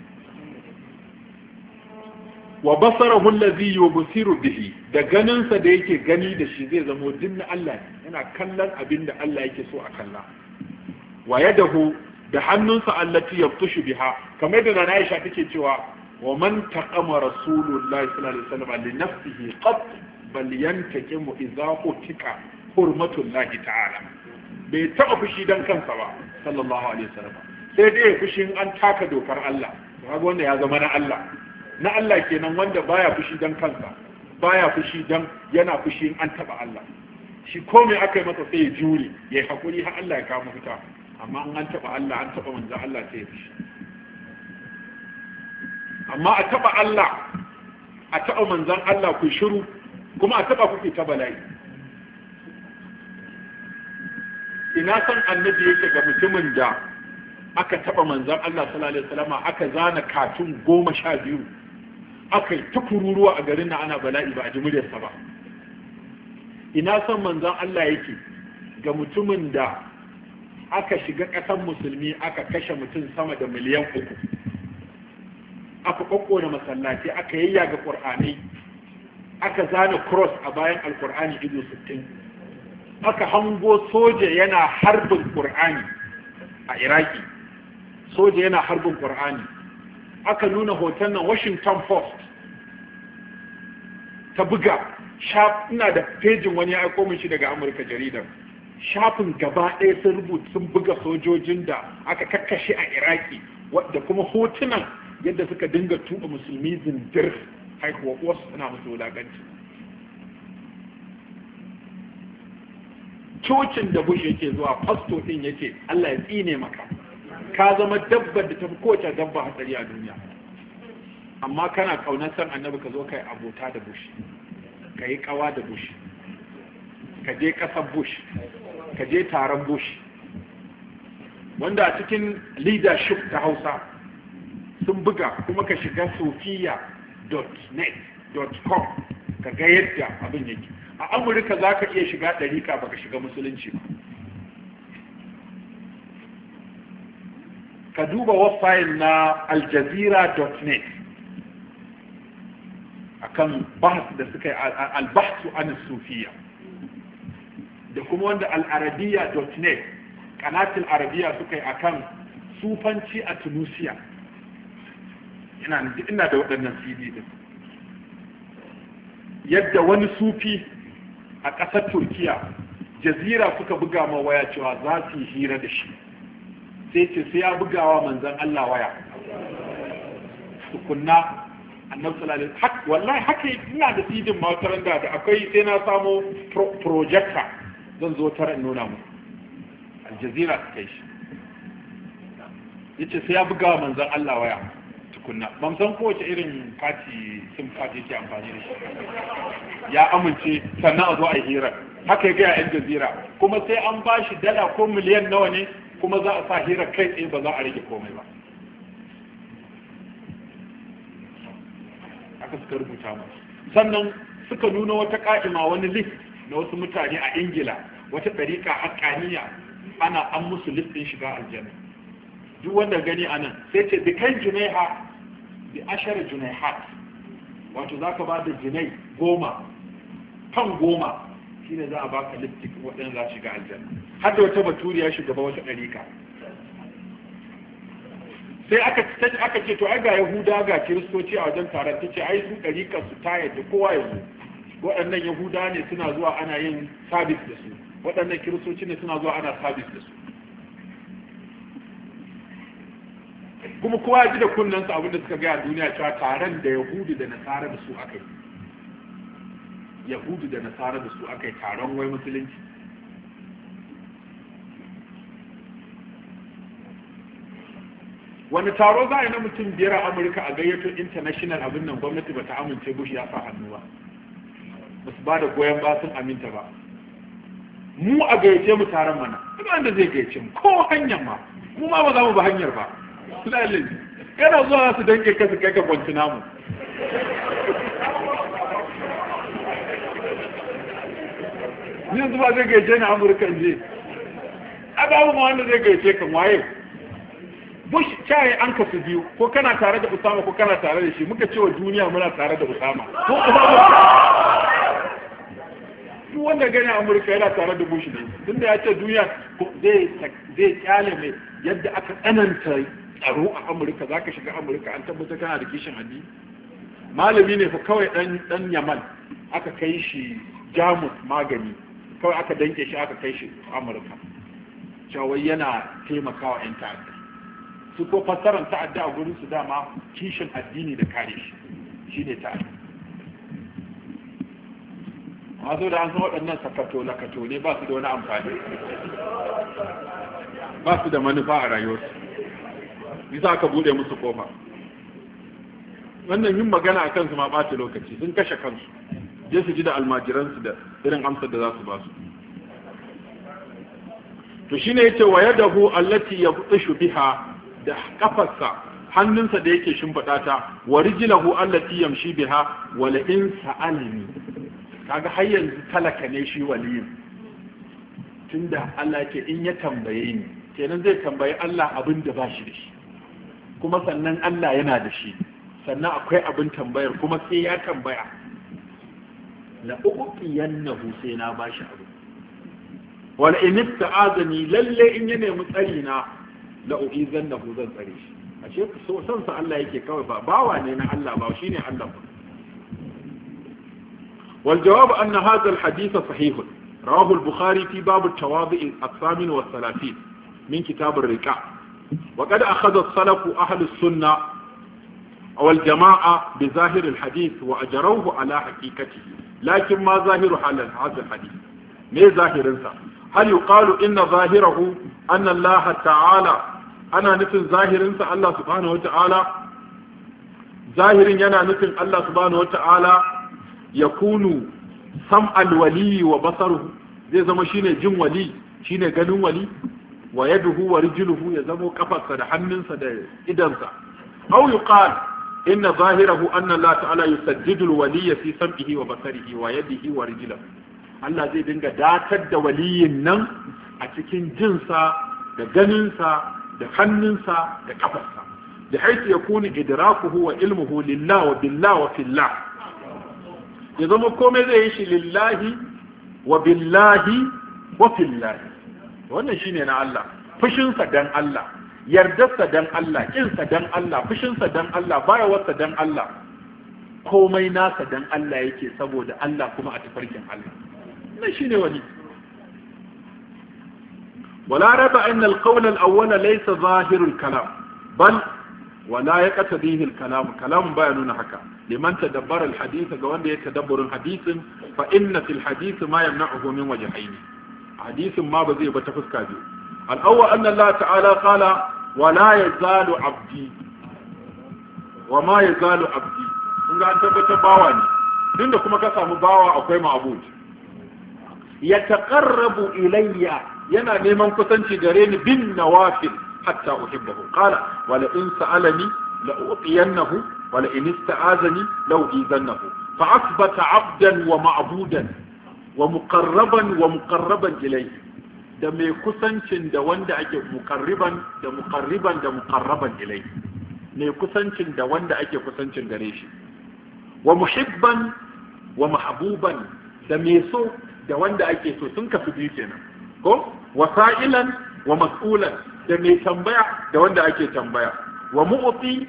wa basarahu allazi yubsiru bihi da ganinsa da yake gani da shi zai zama jinna Allah ne yana kallon abin da Allah yake so a kalla wa yadahu da hannunsa allati fushi biha kamar da nana Aisha take cewa wa man taqama rasulullahi sallallahu alaihi wasallam li nafsihi qat bal yantaqimu idza utika hurmatullahi ta'ala bai taba fushi dan kansa ba sallallahu alaihi wasallam sai dai fushin an taka dokar Allah kaga wanda ya zama na Allah na Allah kenan wanda baya fushi dan kansa baya fushi dan yana fushi an taba Allah shi komai aka yi masa sai ya jure ya hakuri har Allah ya kawo mafita amma an taɓa Allah an taɓa manzan Allah sai ya fushi amma a taɓa Allah a taɓa manzan Allah ku shiru kuma a taɓa kuke ta bala'i ina san annabi yake ga mutumin da aka taɓa manzan Allah sallallahu alaihi wasallam aka zana katun goma sha biyu aka yi ta kururuwa a garin na ana bala'i ba a ji muryarsa ba ina san manzan Allah yake ga mutumin da aka shiga ƙasar musulmi aka kashe mutum sama da miliyan uku aka da masallaci aka yayya ga ƙur'anai aka zana cross a bayan alƙur'ani ido sittin aka hango soja yana harbin ƙur'ani a iraki soja yana harbin ƙur'ani aka nuna hoton nan washington post ta buga ina da pejin wani ya aiko min shi daga amurka jaridar shafin gaba ɗaya sun rubuta sun buga sojojin da aka kakkashe a iraki da kuma hotunan yadda suka dinga tuba musulmi zindir haikuwa wasu suna musu wulaganci cocin da bush yake zuwa fasto ɗin yake allah ya tsine maka ka zama dabbar da ta fi kowace dabba hatsari a duniya amma kana kaunar san annabi ka zo ka yi abota da bush ka yi kawa da bush ka je kasar bush ka je taron bush wanda a cikin leadership ta hausa sun buga kuma ka shiga sofiya.net.com ka ga yadda abin yake a amurka za ka iya shiga ɗarika ba ka shiga musulunci ba ka duba wafayin na aljazeera.net akan bahas da suka yi albahasu an sufiya da kuma wanda al'arabiya.net kanatin arabiya suka yi a kan sufanci a tunisia ina da waɗannan cd din yadda wani sufi a ƙasar turkiya jazira suka buga ma waya cewa za su yi hira da shi sai ce sai ya bugawa manzan allah waya tukunna annabi sallallahu alaihi wallahi haka ina da sidin ma da akwai sai na samo projector zan zo tara in nuna mu aljazira ta kai shi yace sai ya buga manzon Allah waya tukunna ban san kowace irin kati sim kati yake amfani da shi ya amince sannan a zo a yi hira haka ya gaya yan jazira kuma sai an bashi dala ko miliyan nawa ne kuma za a sa hira kai tsaye ba za a rage komai ba aka suka rubuta mu sannan suka nuna wata ka'ima wani list na wasu mutane a ingila wata ɗariƙa haƙƙaniya ana an musu listin shiga aljanna duk wanda gani a nan sai ce bi kai junaiha bi ashara junaihat wato za ka ba da junai goma kan goma shine za a baka listin waɗanda za shiga aljanna har da wata baturiya shugaba wata ɗariƙa sai aka ce to ai ga yahuda ga kiristoci a wajen taron ta ce ai su ɗariƙa su ta yadda kowa ya zo waɗannan yahuda ne suna zuwa ana yin sabis da su waɗannan kiristoci ne suna zuwa ana sabis da su kuma kowa ji da kunnen su abinda suka gaya duniya cewa taron da yahudu da nasara da su aka yi yahudu da nasara da su aka yi taron wai musulunci wani taro za a yi na mutum biyar a amurka a gayyato international abin nan gwamnati ba ta amince bush ya sa hannu ba ba su ba da goyon ba sun aminta ba mu a gayyace mu taron mana duk wanda zai gayyace mu ko hanyar ma mu ma ba za mu ba hanyar ba lalle kana zuwa su danke ka su kai ka kwanci namu yanzu zuba zai gayyace ni amurka je a ba mu wanda zai gayyace ka waye bush caye an su biyu ko kana tare da usama ko kana tare da shi muka cewa duniya muna tare da usama ko usama duk wanda gani amurka yana tare da bushi ne tun da ya ce duniya zai kyale mai yadda aka tsananta tsaro a amurka za ka shiga amurka an tabbata kana da kishin hadi malami ne fa kawai dan yaman aka kai shi jamus magani kawai aka danke shi aka kai shi amurka cewa yana taimakawa 'yan ta'adda su ko fassara ta'adda a gurin su dama kishin addini da kare shi shine ta'adda masu da hansu waɗannan sakato lakato ne ba su da wani amfani ba su da manufa a rayuwarsu za ka buɗe musu kofa wannan yin magana a kansu ma ɓata lokaci sun kashe kansu je su ji da almajiransu da irin amsar da za su ba su to shine yace wa hu allati yabtishu biha da kafarsa hannunsa da yake shimfiɗa ta wa rijlahu allati yamshi biha wa in sa'alani kaga har yanzu talaka ne shi waliyin tunda Allah ke in ya tambaye ni kenan zai tambayi Allah abin da ba da shi kuma sannan Allah yana da shi sannan akwai abin tambayar kuma sai ya tambaya la uqiyannahu sai na bashi abu wal in ta'azani lalle in ya nemi tsari na la uizannahu zan tsare shi ashe so san sa Allah yake kawai ba bawa ne na Allah ba shine Allah ba والجواب أن هذا الحديث صحيح رواه البخاري في باب التواضع الثامن والثلاثين من كتاب الركاع وقد أخذ السلف أهل السنة أو الجماعة بظاهر الحديث وأجروه على حقيقته لكن ما ظاهر هذا الحديث ما ظاهر انت هل يقال إن ظاهره أن الله تعالى أنا نفن ظاهر انت الله سبحانه وتعالى ظاهر ينا نفن الله سبحانه وتعالى yakunu sam'al wali wa basaruhu zai zama shine jin wali shine ganin wali wa yaduhu wa rijluhu ya zamo kafarsa da hannunsa da idansa aw yuqal inna zahirahu anna Allah ta'ala yusajjidu wali ya fi sam'ihi wa basarihi wa yadihi wa rijlihi Allah zai dinga datar da waliyin nan a cikin jinsa da ganinsa da hannunsa da kafarsa da ya yakunu idrakuhu wa ilmuhu lillah wa billah wa fillah ya zama komai zai yi shi lillahi wa billahi wa fillahi wannan shine na Allah fushinsa dan Allah yardarsa dan Allah kinsa dan Allah fushinsa dan Allah bayawarsa dan Allah komai nasa dan Allah yake saboda Allah kuma a tafarkin Allah wannan shine wani ولا ريب أن القول الأول ليس ظاهر الكلام بل wala ya kasa bihil kalamu kalam baya nuna haka liman tadabbara alhadith ga wanda ya ta tadabburin hadisin fa inna fil hadith ma yamna'uhu min wajhayn hadisin ma ba zai ba ta fuska biyu al-awwal anna Allah ta'ala kala wala ya zalu abdi wa ma ya zalu abdi in ga an tabbatar bawa ne duk da kuma ka samu bawa akwai ma'bud ya taqarrabu ilayya yana neman kusanci gare ni bin nawafil hatta uhibbahu qala wala in sa'alani la u'tiyannahu wala in ista'azani la u'izannahu fa asbata 'abdan wa ma'budan wa muqarraban wa muqarraban ilayhi da mai kusancin da wanda ake muqarriban da muqarriban da muqarraban ilayhi mai kusancin da wanda ake kusancin gare shi wa muhibban wa mahbuban da mai so da wanda ake so sun kafi biyu kenan ko wasa'ilan wa mas'ulan da mai tambaya da wanda ake tambaya wa mu'ti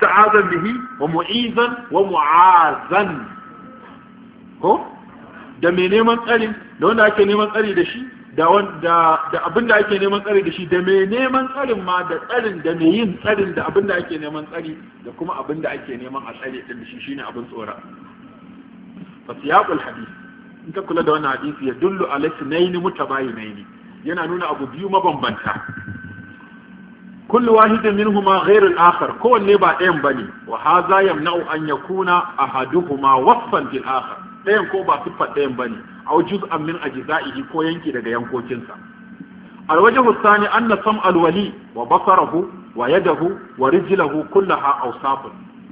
ta'azan bihi wa mu'izan wa mu'azan ko da mai neman tsari da wanda ake neman tsari da shi da wanda da abin da ake neman tsari da shi da mai neman tsarin ma da tsarin da mai yin tsarin da abin da ake neman tsari da kuma abin da ake neman a tsari din shi shine abin tsora fasiyaqul hadith in ka kula da wannan hadisi ya dullu ala sunaini mutabayinaini yana nuna abu biyu mabambanta kullu wahidin minhuma ghairu al-akhar kowanne ba ɗayan bane wa hadha yamna'u an yakuna ahaduhuma wasfan fil akhar ɗayan ko ba siffar ɗayan bane aw juz'an min ajza'ihi ko yanki daga yankokinsa الوجه الثاني wa سمع wa وبصره ويده ورجله كلها أوصاف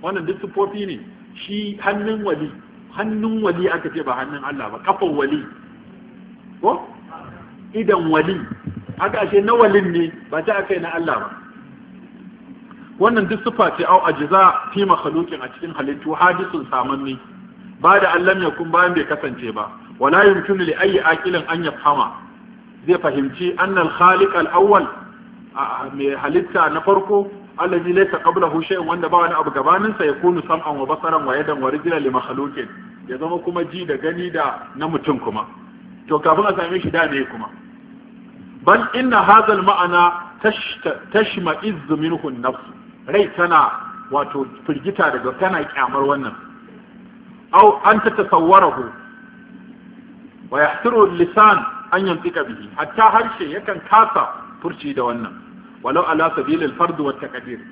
wannan duk sufofi ne shi hannun wali hannun wali aka ce ba hannun Allah ba kafan wali ko idan wali haka ce na walin ne ba ta kai na Allah ba wannan duk sufa ce au ajiza fi makhluqin a cikin halittu hadisun samanni ba da allam kun bayan bai kasance ba wala yumkinu li ayyi aqilin an yafhama zai fahimci annal khaliq al awwal mai halitta na farko allazi laysa qablahu shay'un wanda ba wani abu gabanin sa yakunu sam'an wa basaran wa yadan wa rijlan li makhluqin ya zama kuma ji da gani da na mutum kuma to kafin a same shi da ne kuma bal inna hazal ma'ana tashma'izzu minhu nafs rai tana wato firgita daga tana kyamar wannan aw an tatasawwarahu wa yahtiru lisan an yantika bihi hatta harshe yakan kasa furci da wannan walau ala sabil al fard wa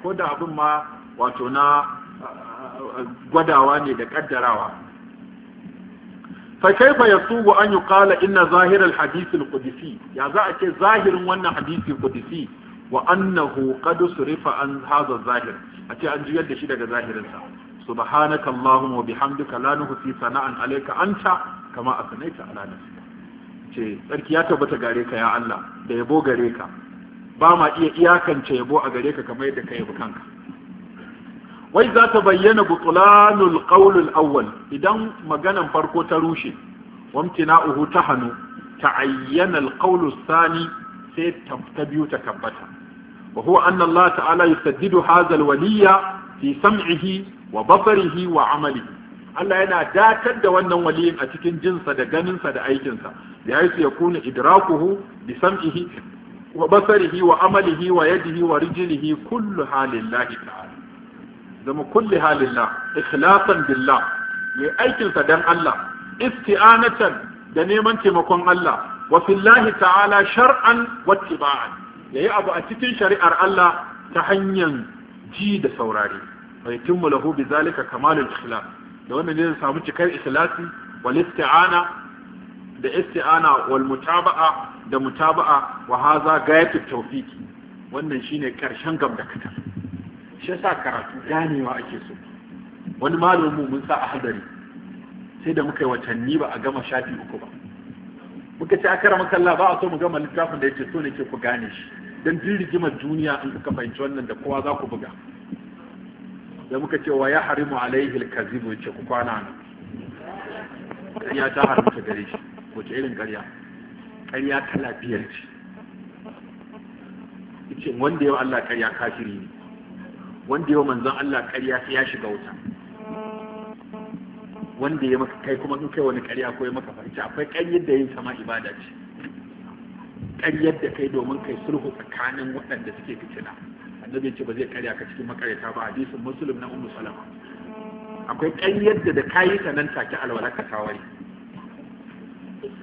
ko da abin ma wato na gwadawa ne da kaddarawa fa kaifa yasugu an yuqala inna zahir hadisin hadith ya za a ce zahirin wannan hadisin qudsi wa annahu qad surifa an hadha zahir a ce an juyar da shi daga zahirin sa subhanaka allahumma wa bihamdika la nuhsi sana'an alayka anta kama asnaita ala nafsika ce tsarki ya tabbata gare ka ya Allah da yabo gare ka ba ma iya iyakance yabo a gare ka kamar yadda ka yabo kanka wai za ta bayyana butulanul qawlul awwal idan maganan farko ta rushe uhu ta hannu ta'ayyana alqawlu Sani sai ta biyu ta tabbata wa huwa anna Allah ta'ala yusaddidu hadha alwaliya fi sam'ihi wa basarihi wa amalihi Allah yana datar da wannan waliyin a cikin jinsa da ganinsa da aikinsa da ya yi kuna idrakuhu bi sam'ihi wa basarihi wa amalihi wa yadihi wa rijlihi kullu halillahi ta'ala da mu kulli halin na ikhlasan billah mai aikinsa dan Allah isti'anatan da neman taimakon Allah wa fillahi ta'ala shar'an wa tiba'an yayi abu a cikin shari'ar Allah ta hanyar ji da saurare wa yutimmu lahu bizalika kamalul ikhlas da wannan ne samu cikar ikhlasi wal isti'ana da isti'ana wal mutaba'a da mutaba'a wa hadha gayatut tawfiqi wannan shine karshen gamdakatar shi sa karatu ganewa ake so wani malamin mun sa a hadari sai da muka yi watanni ba a gama shafi uku ba muka ce akara makalla ba a so mu gama littafin da yake so ne ke ku gane shi don duk rigimar duniya in kuka fahimci wannan da kowa za ku buga da muka ce wa ya harimu alaihi alkazibu yace ku kwana nan ƙarya ta haramta gare shi wace irin ƙarya ƙarya ta lafiyar ce ce wanda yau Allah ƙarya kafiri ne wanda yau manzon Allah ƙarya sai ya shiga wuta wanda ya maka kai kuma in kai wani ƙarya ko ya maka farce akwai ƙaryar da yin sama ibada ce ƙaryar da kai domin kai sulhu tsakanin waɗanda suke fitina annabi ce ba zai ƙarya ka cikin makareta ba hadisin muslim na ummu salama akwai ƙaryar da da kayi ta nan take alwala ka tawari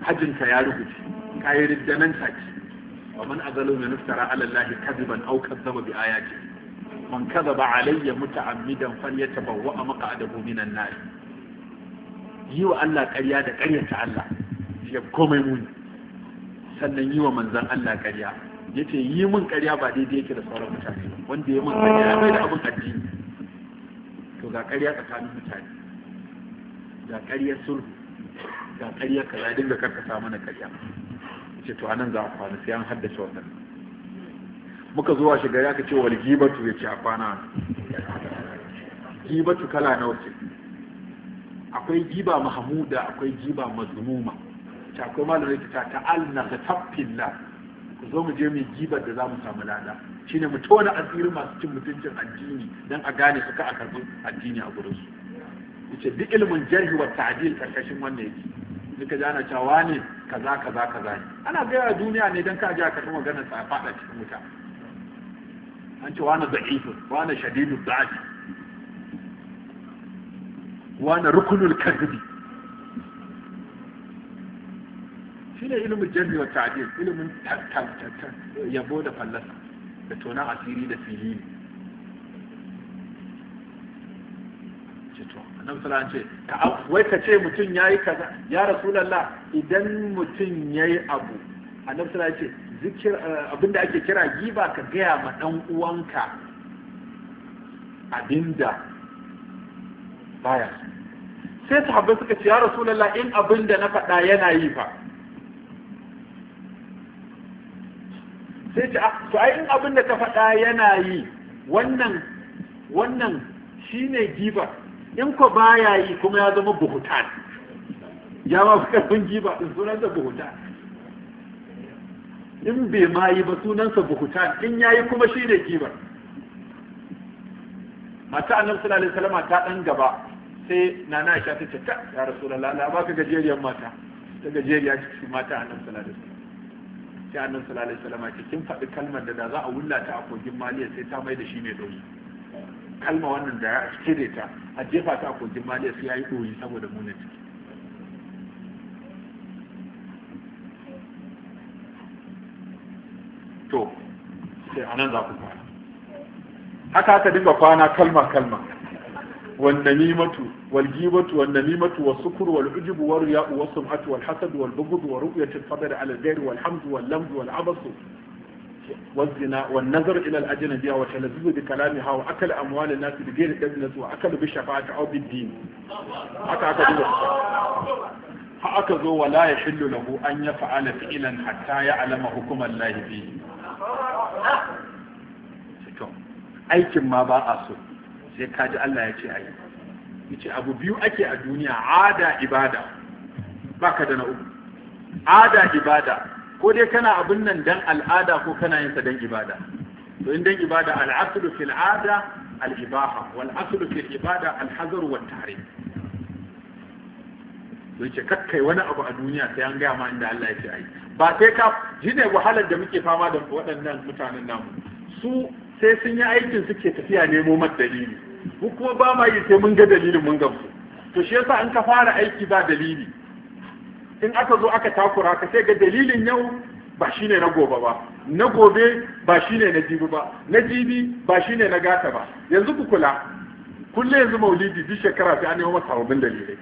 hajjin ya rubuce kayi ridda nan take wa man azalu min iftara ala allahi kadiban aw kazzaba bi ayati man kadaba alayya muta'ammidan falyatabawwa maq'adahu minan nar yi wa Allah ƙarya da ta Allah ya komai muni sannan yi wa manzan Allah ƙarya ce yi min ƙarya ba daidai yake da sauran mutane wanda ya min ƙarya ya mai da abin addini to ga ƙarya tsakanin mutane ga ƙaryar sulhu ga ƙaryar kaza dinga karkasa mana ƙarya ce to anan za a kwana sai an haddace wannan muka zuwa shiga ya ka ce wal gibatu ya ce a kwana gibatu kala na wace akwai giba mahamuda akwai giba mazmuma ta akwai malamai ta ta'al na tafilla ku zo mu je mu gibar da za mu samu lada shine mu tona asirin masu cin mutuncin addini dan a gane suka a karbi addini a gurin su yace duk ilimin jarhi wa ta'dil karkashin wannan yake duka jana cewa ne kaza kaza kaza ne ana gaya duniya ne dan ka ji a karbi maganar sa fada cikin wuta an ce wani za'ifin wani shadidu ba'adi wani rukunul shi ne ilimin jarri wa ta'dil ilimin tantantan yabo da fallasa da tona asiri da filili annabi sallallahu ce ka wai ka ce mutum ya yi kaza ya rasu lalla idan mutum ya yi abu annabi sallallahu ce Eh, abinda ake kira giba ka gaya ma dan uwanka abinda baya sai sahabbai suka ce ya rasulullah in abinda na faɗa yana yi fa sai ta ah, to ai in abinda ka faɗa yana yi wannan wannan shine giba in ko baya yi kuma ya zama buhutan ya ma fi karfin giba in sunan da buhutan in bai ma yi ba sunansa buhutan in ya yi kuma shi ne kibar mata annabi sallallahu alaihi wasallam ta dan gaba sai nana Aisha ta ce ta ya rasulullah Allah baka gajeriyar mata ta gajeriya ce mata annabi sallallahu alaihi wasallam sai annabi sallallahu alaihi wasallam ce kin faɗi kalmar da da za a wulla ta a kogin maliyar sai ta mai da shi mai doyi kalma wannan da ya cire ta a jefa ta a kogin maliyar sai ya yi doyi saboda munin to sai anan za ku kwana haka aka dinga kwana kalma kalma wan namimatu wal ghibatu wan namimatu was sukru wal ujubu war ya'u was sum'atu wal hasad wal bughd wa ru'yatu al-fadl 'ala al-ghayr wal hamd wal lamd wal abasu والزنا والنظر إلى الأجنبية والتلذذ بكلامها وأكل أموال wa بغير إذن وأكل بالشفاعة أو بالدين haka aka duba ha aka zo wala ya hillu lahu an ya fa'ala fi'ilan hatta ya alama hukumar lahi aikin ma ba a so sai kaji Allah ya ce ayi ce abu biyu ake a duniya ada ibada ka da na uku ada ibada ko dai kana abin nan dan al'ada ko kana yin sa dan ibada to in dan ibada al'aslu fil ada al ibaha wal aslu fil ibada al hazar wa tahrim to yace kakkai wani abu a duniya sai an ga ma inda Allah ya ce ayi ba sai ka ji ne wahalar da muke fama da waɗannan mutanen namu su sai sun yi aikin suke tafiya nemo mat dalili ko kuma ba ma yi sai mun ga dalilin mun gamsu to shi yasa in ka fara aiki ba dalili in aka zo aka takura ka sai ga dalilin yau ba shine na gobe ba na gobe ba shine na jibi ba na jibi ba shine na gata ba yanzu ku kula kullum yanzu maulidi duk shekara sai an yi masa sababbin dalilai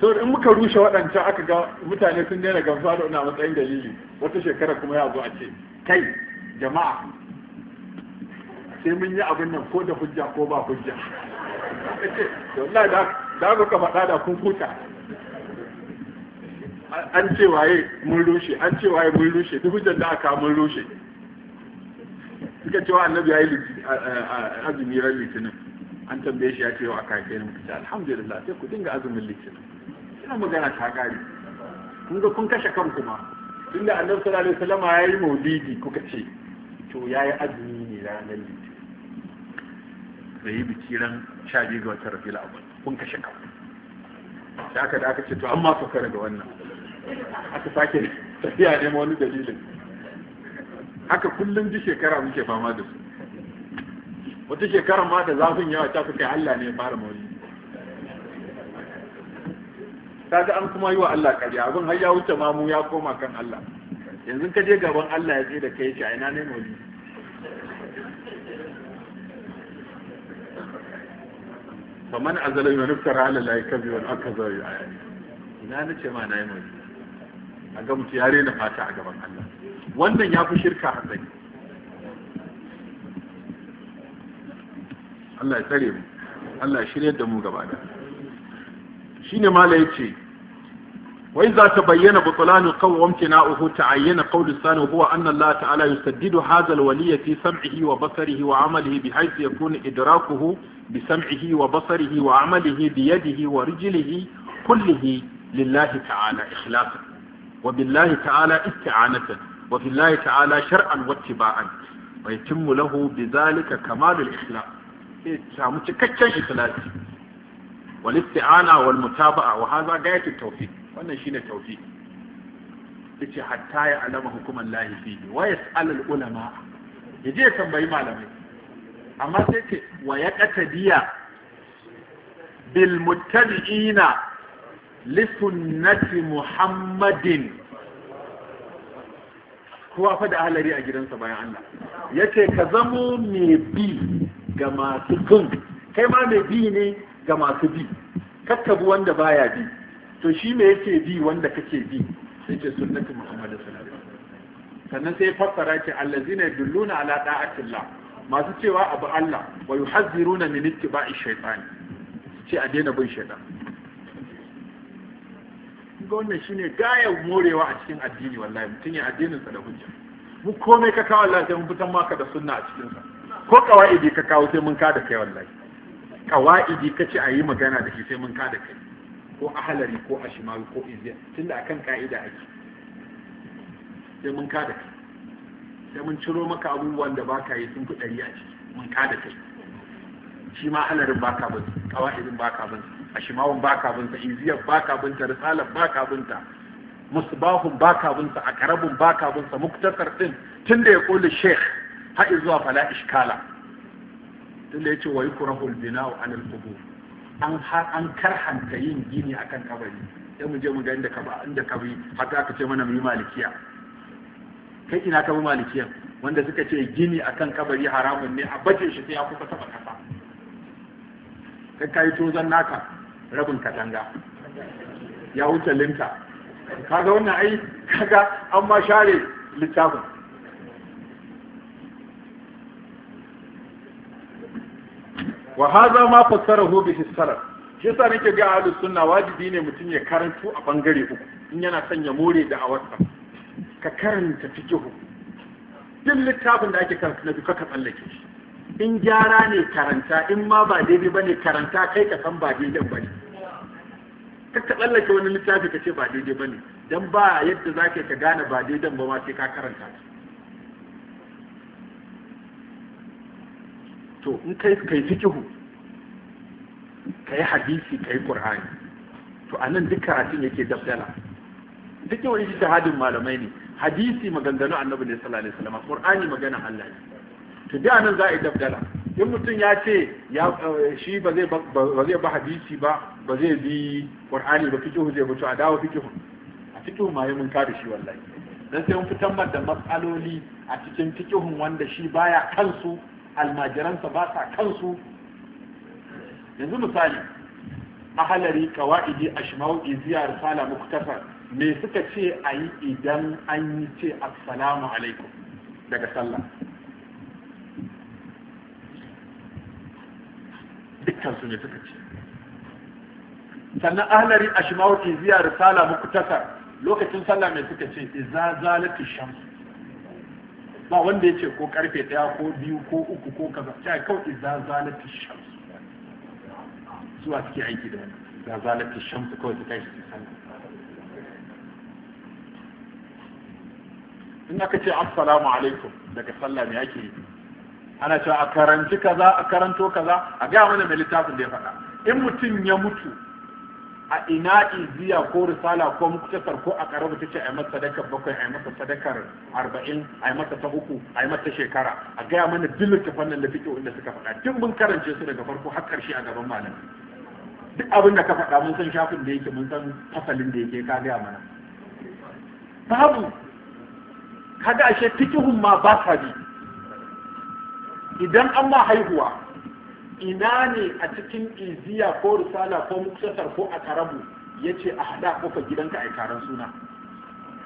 so in muka rushe waɗancan aka ga mutane sun daina gamsuwa da wani matsayin dalili wata shekara kuma ya zo a ce kai jama'a sai mun yi abin nan ko da hujja ko ba hujja da da ka faɗa da kun huta an ce waye mun rushe an ce waye mun rushe duk hujjar da aka mun rushe suka cewa annabi ya yi azumi ran litinin an tambaye shi ya ce wa kake ne mu ce alhamdulillah sai ku dinga azumin litinin ina magana ta gari kun ga kun kashe kanku ma inda annabi sallallahu alaihi wasallam ya yi maulidi kuka ce to ya yi azumi ne ranar litinin da yi biki ran sha biyu ga watan rabi awwal kun kashe kanku da aka da aka ce to an ma sauka ga wannan aka sake tafiya ne wani dalilin haka kullum ji shekara muke fama da su wata shekara ma da zafin yawa ta fi kai Allah ne ya fara maulidi kaga an kuma yi wa Allah karya abin har ya wuce mamu ya koma kan Allah yanzu ka je gaban Allah ya tsaye da kai ce ina ne mali faman azalai wa nuftara ala la yakbi wa akaza ya ayani ina ne ce ma nayi mai a ga mutu ya rena fata a gaban Allah wannan ya fi shirka hatsari Allah ya tsare mu Allah ya shirya da mu gaba da shine mala yace wa idza tabayyana butlan qawl wamtina'uhu ta'ayyana qawl sani huwa anna Allah ta'ala yusaddidu hadha al-waliy fi sam'ihi wa basarihi wa 'amalihi bihaythu yakunu idrakuhu bi sam'ihi wa basarihi wa 'amalihi bi yadihi wa rijlihi kullihi lillahi ta'ala ikhlasan wa billahi ta'ala isti'anatan wa billahi ta'ala shar'an wattiba'an wa yatimmu lahu bidhalika kamalul ikhlas sai samu cikakken ikhlasi wal wal mutaba'a wa hadha gayatu tawfiq wannan shine tawfiq yace hatta ya alama hukuman lahi fihi wa yas'al al ulama yaje ya tambayi malamai amma sai ce wa yaqtadiya bil muttabi'ina li sunnati muhammadin kowa fa da ahlari a gidansa bayan Allah yace ka zamo mai bi ga masu bin kai ma mai bi ne ga masu bi bi wanda baya bi to shi me yake bi wanda kake bi sai ce sunnatu muhammad sallallahu alaihi sannan sai fassara ce allazina yadulluna ala da'atillah masu cewa abu Allah wa yuhazziruna min ittiba'i shaytan ce a daina bin shaytan ga wannan shine gayar morewa a cikin addini wallahi mutum ya addinin sa da hujja mu komai ka kawo Allah sai mun fitan maka da sunna a cikin sa ko kawai ka kawo sai mun ka da kai wallahi kawa'idi kace a yi magana da shi sai mun kada kai ko ahalari ko ashimawi ko izya tunda akan ka'ida ake sai mun kada kai sai mun ciro maka abubuwan da baka yi sun fi ɗari a ciki mun kada kai shi ma halarin baka bin kawa'idin baka bin ashimawun baka bin sa iziyar baka bin ta risalar baka bin ta musbahun baka bin sa akarabun baka bin sa muktasar din tunda ya kula sheikh har zuwa fala iskala tunda ya yace wa yukrahu al-bina'u 'ala al-qubur an an karhanta yin gini akan kabari sai mu je mu ga inda kaba inda kabari haka aka ce mana mu yi malikiya kai ina ka bi malikiya wanda suka ce gini akan kabari haramun ne a baje shi sai ya kuka taba kasa kai kai tozan naka rabin katanga ya wuce linta kaga wannan ai kaga an ma share littafin wa haza ma hu bi salaf shi yasa nake ga ahlus sunna wajibi ne mutum ya karantu a bangare uku in yana son ya more da awarsa ka karanta fiqhu duk littafin da ake karanta na duka ka tsallake shi in gyara ne karanta in ma ba daidai bane karanta kai ka san ba daidai bane ka ka tsallake wani littafi ka ce ba daidai bane dan ba yadda zaka ka gane ba daidai ba ma sai ka karanta to in kai kai fikihu ka yi hadisi ka yi ƙur'ani to a nan duk karatun yake dabdala duk yi shahadin malamai ne hadisi maganganu annabi ne sallallahu alaihi wasallam ƙur'ani magana Allah ne to da nan za a yi dabdala in mutum ya ce ya shi ba zai ba hadisi ba ba zai bi ƙur'ani ba fikihu zai mutu a dawo fikihu a fikihu ma yi mun kada shi wallahi dan sai mun fitan da matsaloli a cikin fikihun wanda shi baya kansu almajiransa ba sa kansu yanzu misali a ahalari kawa'idi ashmau iziya risala muktasar me suka ce a yi idan an yi ce assalamu alaikum daga sallah dukkansu ne suka ce sannan a ashmau iziya risala muktasar lokacin sallah me suka ce iza zalati shamsu ba wanda ya ce ko karfe ɗaya ko biyu ko uku ko kaza ta kawai idza zalati shams zuwa suke aiki da wani. idza zalati shams kawai ta tashi shi sallah in aka ce assalamu alaikum daga sallah ne ake yi ana cewa a karanci kaza a karanto kaza a ga mana mai littafin da ya faɗa in mutum ya mutu a ina iziya ko risala ko muktasar ko a karabu ta ce a yi masa sadakar bakwai a yi masa sadakar arba'in a yi masa ta uku a yi masa shekara a gaya mana duk littafan nan da fito inda suka faɗa duk mun karance su daga farko har ƙarshe a gaban malam duk abin da ka faɗa mun san shafin da yake mun san asalin da yake ka gaya mana babu kaga ashe fikihun ma ba sa bi idan an ma haihuwa ina ne a cikin iziya ko risala ko muktasar ko a karabu ya ce a haɗa kofa gidanka a taron suna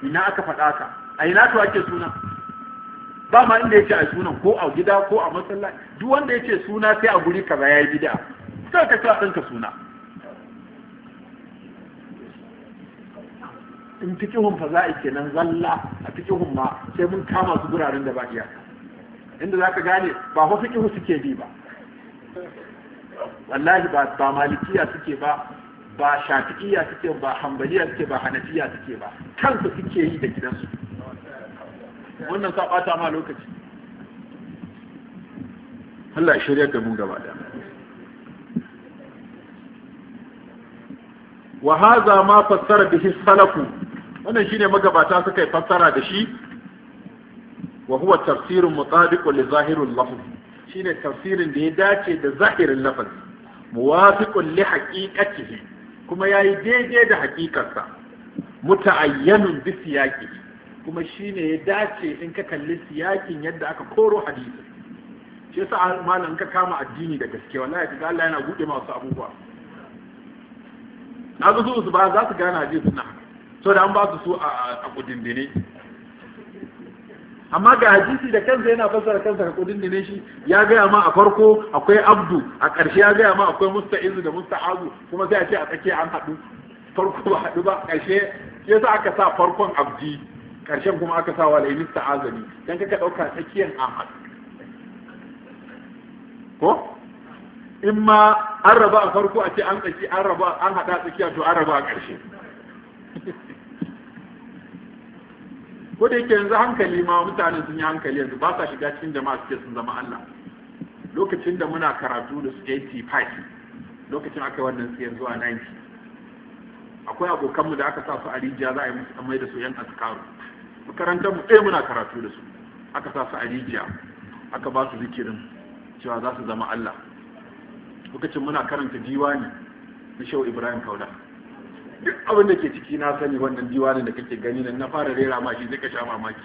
ina aka faɗa ka a ina to ake suna ba ma inda ya ce a sunan ko a gida ko a masallaci duk wanda ya ce suna sai a guri kaza ya yi gida, sai ka cewa ɗanka suna in fi kihun fa za a kenan zalla a fi kihun ma sai mun kama su guraren da ba iyaka inda za ka gane ba fa kihun suke bi ba wallahi ba ba malikiya suke ba ba shafi'iya suke ba hanbaliya suke ba hanafiya suke ba kansu suke yi da gidansu wannan sa bata ma lokaci Allah shirya da mun gaba da wa hadha ma fassara bihi salafu wannan shine magabata suka yi fassara da shi wa huwa tafsirun mutabiqun li zahirul lafz shine tafsirin da ya dace da zahirin lafazi muwafiqun li haqiqatihi kuma yayi daidai da hakikarsa muta'ayyanun bi siyaqi kuma shine ya dace in ka kalli siyakin yadda aka koro hadisi shi yasa malam ka kama addini da gaske wallahi kaga Allah yana bude masu abubuwa na su ba za su gane hadisi na so da an ba su su a kudindine amma ga hadisi da kansa yana fassara kansa ka kudin ne shi ya gaya ma a farko akwai abdu a ƙarshe ya gaya ma akwai musta'izu da musta'azu kuma sai a ce a tsakiya an haɗu farko ba haɗu ba ƙarshe ya sa aka sa farkon abdi ƙarshen kuma aka sa musta'azu ne dan kaka ɗauka tsakiyar ahad ko in ma an raba a farko a ce an tsaki an raba an haɗa tsakiya to an raba a ƙarshe ko da yake yanzu hankali ma mutane sun yi hankali yanzu ba sa shiga cikin jama'a suke sun zama Allah lokacin da muna karatu da su 85 lokacin aka wannan su yanzu a 90 akwai abokanmu da aka sa su a rijiya za a yi musu amai da su yan askaru makarantar mu ɗaya muna karatu da su aka sa su a rijiya aka ba su zikirin cewa za su zama Allah lokacin muna karanta diwani na shehu Ibrahim Kaula duk abin da ke ciki na sani wannan diwanin da kake gani nan na fara rera ma shi zai ka sha mamaki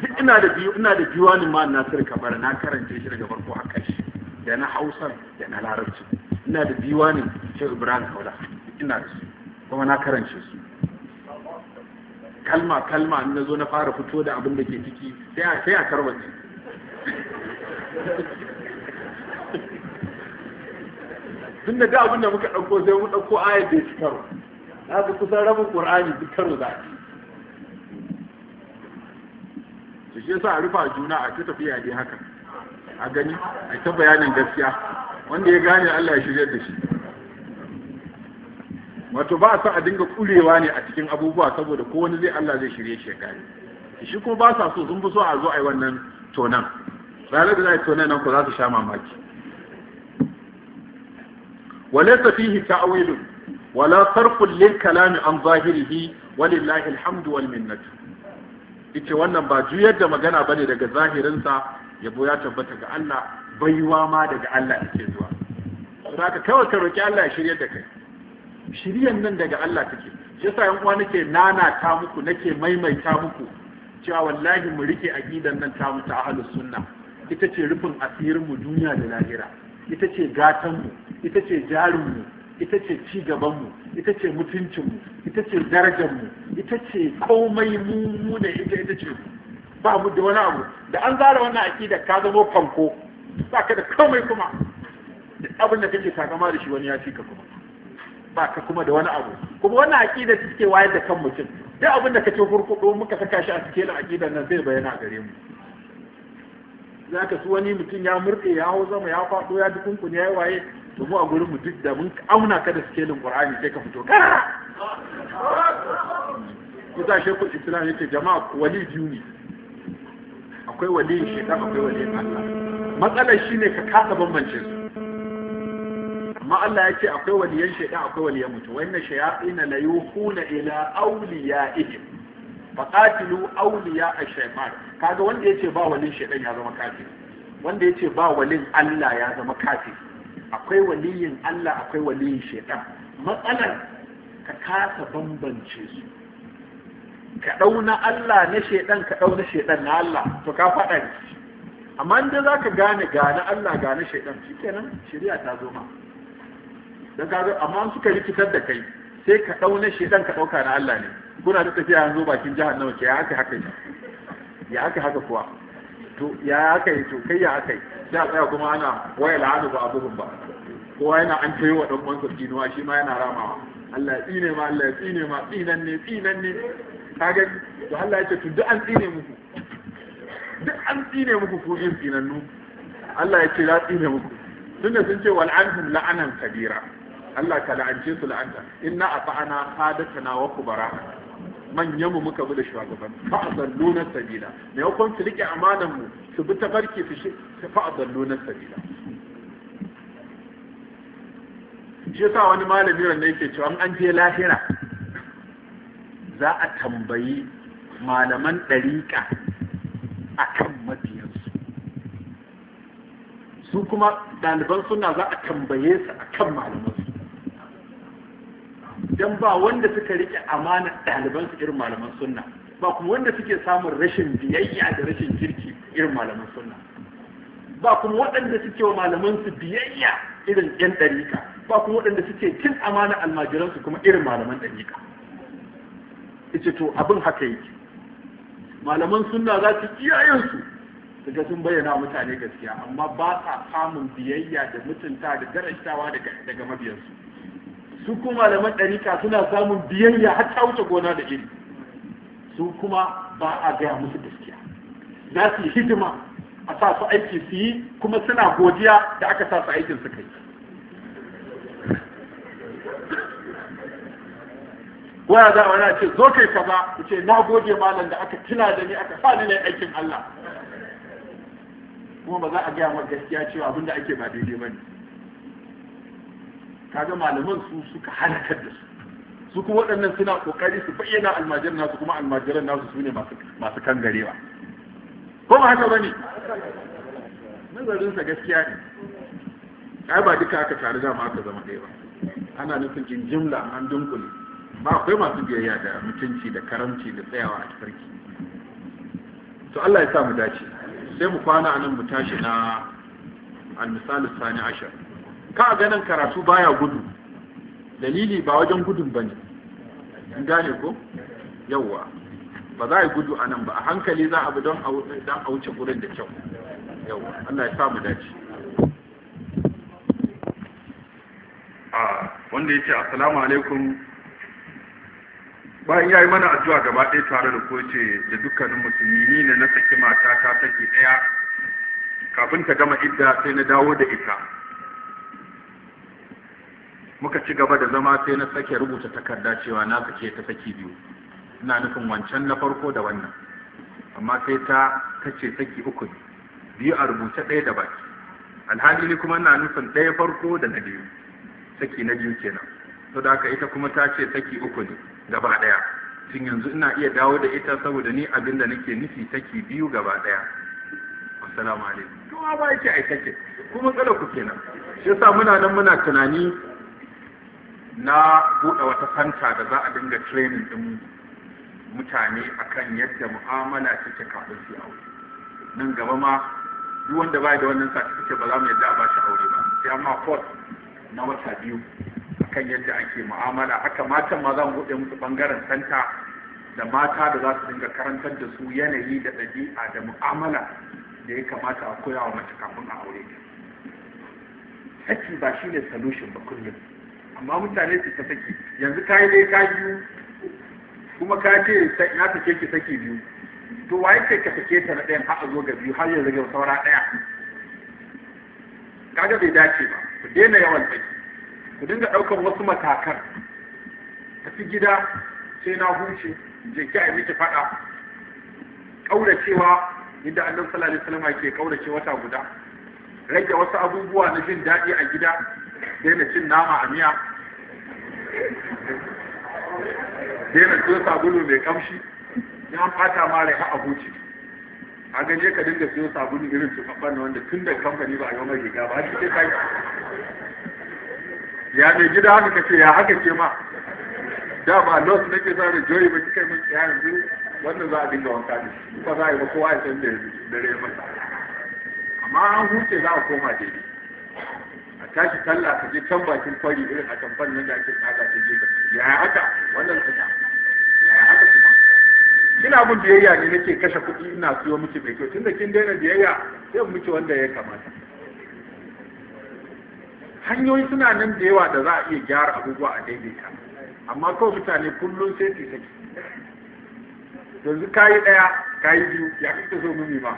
duk ina da biyu ina da diwanin ma na sirka bar na karanta shi daga farko a kai da na Hausa da na Larabci ina da diwanin Sheikh Ibrahim Kaula ina da su kuma na karance su kalma kalma in nazo na fara fito da abin da ke ciki sai a sai a karbace tun da abin da muka ɗauko sai mu ɗauko ayat da ya karo haka kusan rabin ƙur'ani duk karo za su shi yasa a rufa juna a ta tafiya dai haka a gani a ta bayanin gaskiya wanda ya gane Allah ya shirya da shi wato ba sa a dinga kurewa ne a cikin abubuwa saboda ko wani zai Allah zai shirye shi ya gane shi kuma ba sa so sun fi so a zo a yi wannan tonan ranar da za a yi tonan nan ku za su sha mamaki وليس فيه تأويل ولا فرق للكلام عن ظاهره ولله الحمد والمنة ita wannan ba juyar da magana bane daga zahirinsa yabo ya tabbata ga Allah baiwa ma daga Allah take zuwa saka kawai ka roki Allah ya shiryar da kai shiryan nan daga Allah take yasa yan uwa nake nana ta muku nake maimaita muku cewa wallahi mu rike aqidan nan ta mu ta ahlus sunna ita ce rufin asirin mu duniya da lahira ita ce gatan mu ita ce jarinmu ita ce ci gabanmu ita ce mutuncinmu ita ce darajarmu ita ce komai mu da ita ita ce ba mu da wani abu da an zara wannan aƙida ka zama fanko ba ka da komai kuma Da abin da kake takama da shi wani ya ci ka kuma ba ka kuma da wani abu kuma wannan aƙida suke wayar da kan mutum duk abin da kace hurkudo muka saka shi a cikin aƙidan nan zai bayyana gare mu zaka su wani mutum ya murɗe ya hau zama ya faɗo ya dukunkun ya yi waye to mu a gurin mu duk da mun auna ka da skelin qur'ani sai ka fito kara ku da shi ku islam yake jama'a wali biyu ne akwai wali shaitan akwai wali Allah matsalar shine ka kasa bambance su amma Allah ya ce akwai waliyan shaidan akwai waliyan mutum wa ya shayatina la yuhuna ila awliyaihim faqatilu awliya ash-shaytan kaga wanda yace ba walin shaidan ya zama kafir wanda yace ba walin Allah ya zama kafir akwai waliyin Allah akwai waliyin shaitan matsalar ka kasa bambance su ka ɗau na Allah na shaitan ka ɗau na shaitan na Allah to ka faɗa ne amma inda za ka gane gane Allah gane shaitan shikenan shari'a ta zo ma don ka amma suka rikitar da kai sai ka ɗau na shaitan ka ɗauka na Allah ne kuna da tafiya yanzu bakin jihar nawa ke ya haka haka ya haka haka kuwa to ya aka yi to kai ya aka yi sai a tsaya kuma ana waya la'adu ba abubuwan ba kowa yana an tayi wa ɗan ɓansa tsinuwa shi ma yana ramawa Allah ya tsine ma Allah ya tsine ma tsinan ne tsinan ne ga to Allah ya ce to duk an tsine muku duk an tsine muku ko yin tsinannu Allah ya ce la tsine muku tunda sun ce wal anhum la'anan kabira Allah ka la'ance su la'anta inna ata'ana hadatana wa kubarana manyan mu muka bi da shugaban fa na sabila ne yakon su rike amanan mu su bi tabarki su shi fa na sabila shi sa wani malami ran yake cewa an je lahira za a tambayi malaman dariƙa akan mabiyansu su kuma ɗaliban suna za a tambaye su akan malaman dan ba wanda suka rike amana ɗaliban su irin malaman sunna ba kuma wanda suke samun rashin biyayya da rashin kirki irin malaman sunna ba kuma waɗanda suke wa malaman su biyayya irin ɗan ɗarika ba kuma waɗanda suke cin amana almajiran su kuma irin malaman ɗarika ita to abin haka yake malaman sunna za su iyayen su daga sun bayyana mutane gaskiya amma ba sa samun biyayya da mutunta da garantawa daga mabiyansu su kuma malaman ɗarika suna samun biyayya har ta wuce gona da iri su kuma ba a gaya musu gaskiya za su yi hidima a sa su aiki su yi kuma suna godiya da aka sa su aikin su kai waya za a wani ce zo kai kaza ku ce na gode malam da aka tuna da ni aka sa ni na aikin Allah kuma ba za a gaya ma gaskiya cewa abinda ake ba daidai ba ne kaga malaman su suka halakar da su su kuma waɗannan suna kokari su bayyana almajiran nasu kuma almajiran nasu su ne masu garewa ko ba haka bane nazarinsa gaskiya ne ai ba duka aka tare da aka zama ɗaya ba ana nufin in jimla an dunkule ba akwai masu biyayya da mutunci da karamci da tsayawa a tafarki to Allah ya sa mu dace sai mu kwana a nan mu tashi na al-misal sani ashar ka ganin karatu baya gudu dalili ba wajen gudun bane in gane ko yawwa ba za a yi gudu a nan ba a hankali za a bi don a wuce gurin da kyau yawwa Allah ya samu dace a wanda ya ce assalamu alaikum bayan ya yi mana addu'a gaba ɗaya tare da koce da dukkanin musulmi ni ne na saki mata ta saki ɗaya kafin ta gama idda sai na dawo da ita muka ci gaba da zama sai na sake rubuta takarda cewa na sake ta saki biyu ina nufin wancan na farko da wannan amma sai ta tace saki uku ne biyu a rubuce ɗaya da baki alhali kuma ina nufin ɗaya farko da na biyu saki na biyu kenan to da haka ita kuma ta ce saki uku ne gaba ɗaya tun yanzu ina iya dawo da ita saboda ni abin da nake nufi saki biyu gaba ɗaya assalamu alaikum to ba yake ai kuma tsala ku kenan shi yasa muna nan muna tunani na buɗe wata fanta da za a dinga training ɗin mutane akan yadda mu'amala take kafin su aure nan gaba ma duk wanda bai da wannan certificate ba za mu yadda a ba shi aure ba sai amma fort na wata biyu akan yadda ake mu'amala haka matan ma za mu buɗe musu bangaren fanta da mata da za su dinga karantar da su yanayi da ɗabi'a da mu'amala da ya kamata a koya wa mace kafin a aure ta. Saki ba shi ne solution ba kullum. amma mutane su ta saki yanzu ka yi dai ka biyu kuma ka ce na sake ki saki biyu to wa yake ka sake ta na ɗayan har zo ga biyu har yanzu ga saura ɗaya kaga bai dace ba ku daina yawan saki ku dinga ɗaukar wasu matakan tafi gida sai na huce je ki a miki faɗa ƙauracewa inda annan sallallahu salama ke ƙaurace wata guda rage wasu abubuwa na jin daɗi a gida daina cin nama a miya daina siyo sabulu mai kamshi ya fata mara ma abuci a huce ka dinga siyo sabulu irin su kafan na wanda tun da kamfani ba a yi mai riga ba a cikin sai ya mai gida haka kace ya haka ce ma da ba los nake sa da joyi ba kika min ya yanzu wannan za a dinga wanka ne ba za a yi ba kowa ya san da dare masa amma an huce za a koma daidai tashi talla ka je can bakin fari irin a tamfan nan da ake tsada ta je ya haka wannan tsada ya haka kuma ina mun biyayya ne nake kashe kuɗi ina siyo miki mai kyau tunda kin daina biyayya sai miki wanda ya kamata hanyoyi suna nan da yawa da za a iya gyara abubuwa a daidaita amma kawai mutane kullum sai su saki yanzu kayi ɗaya ka yi biyu ya kake so mu ma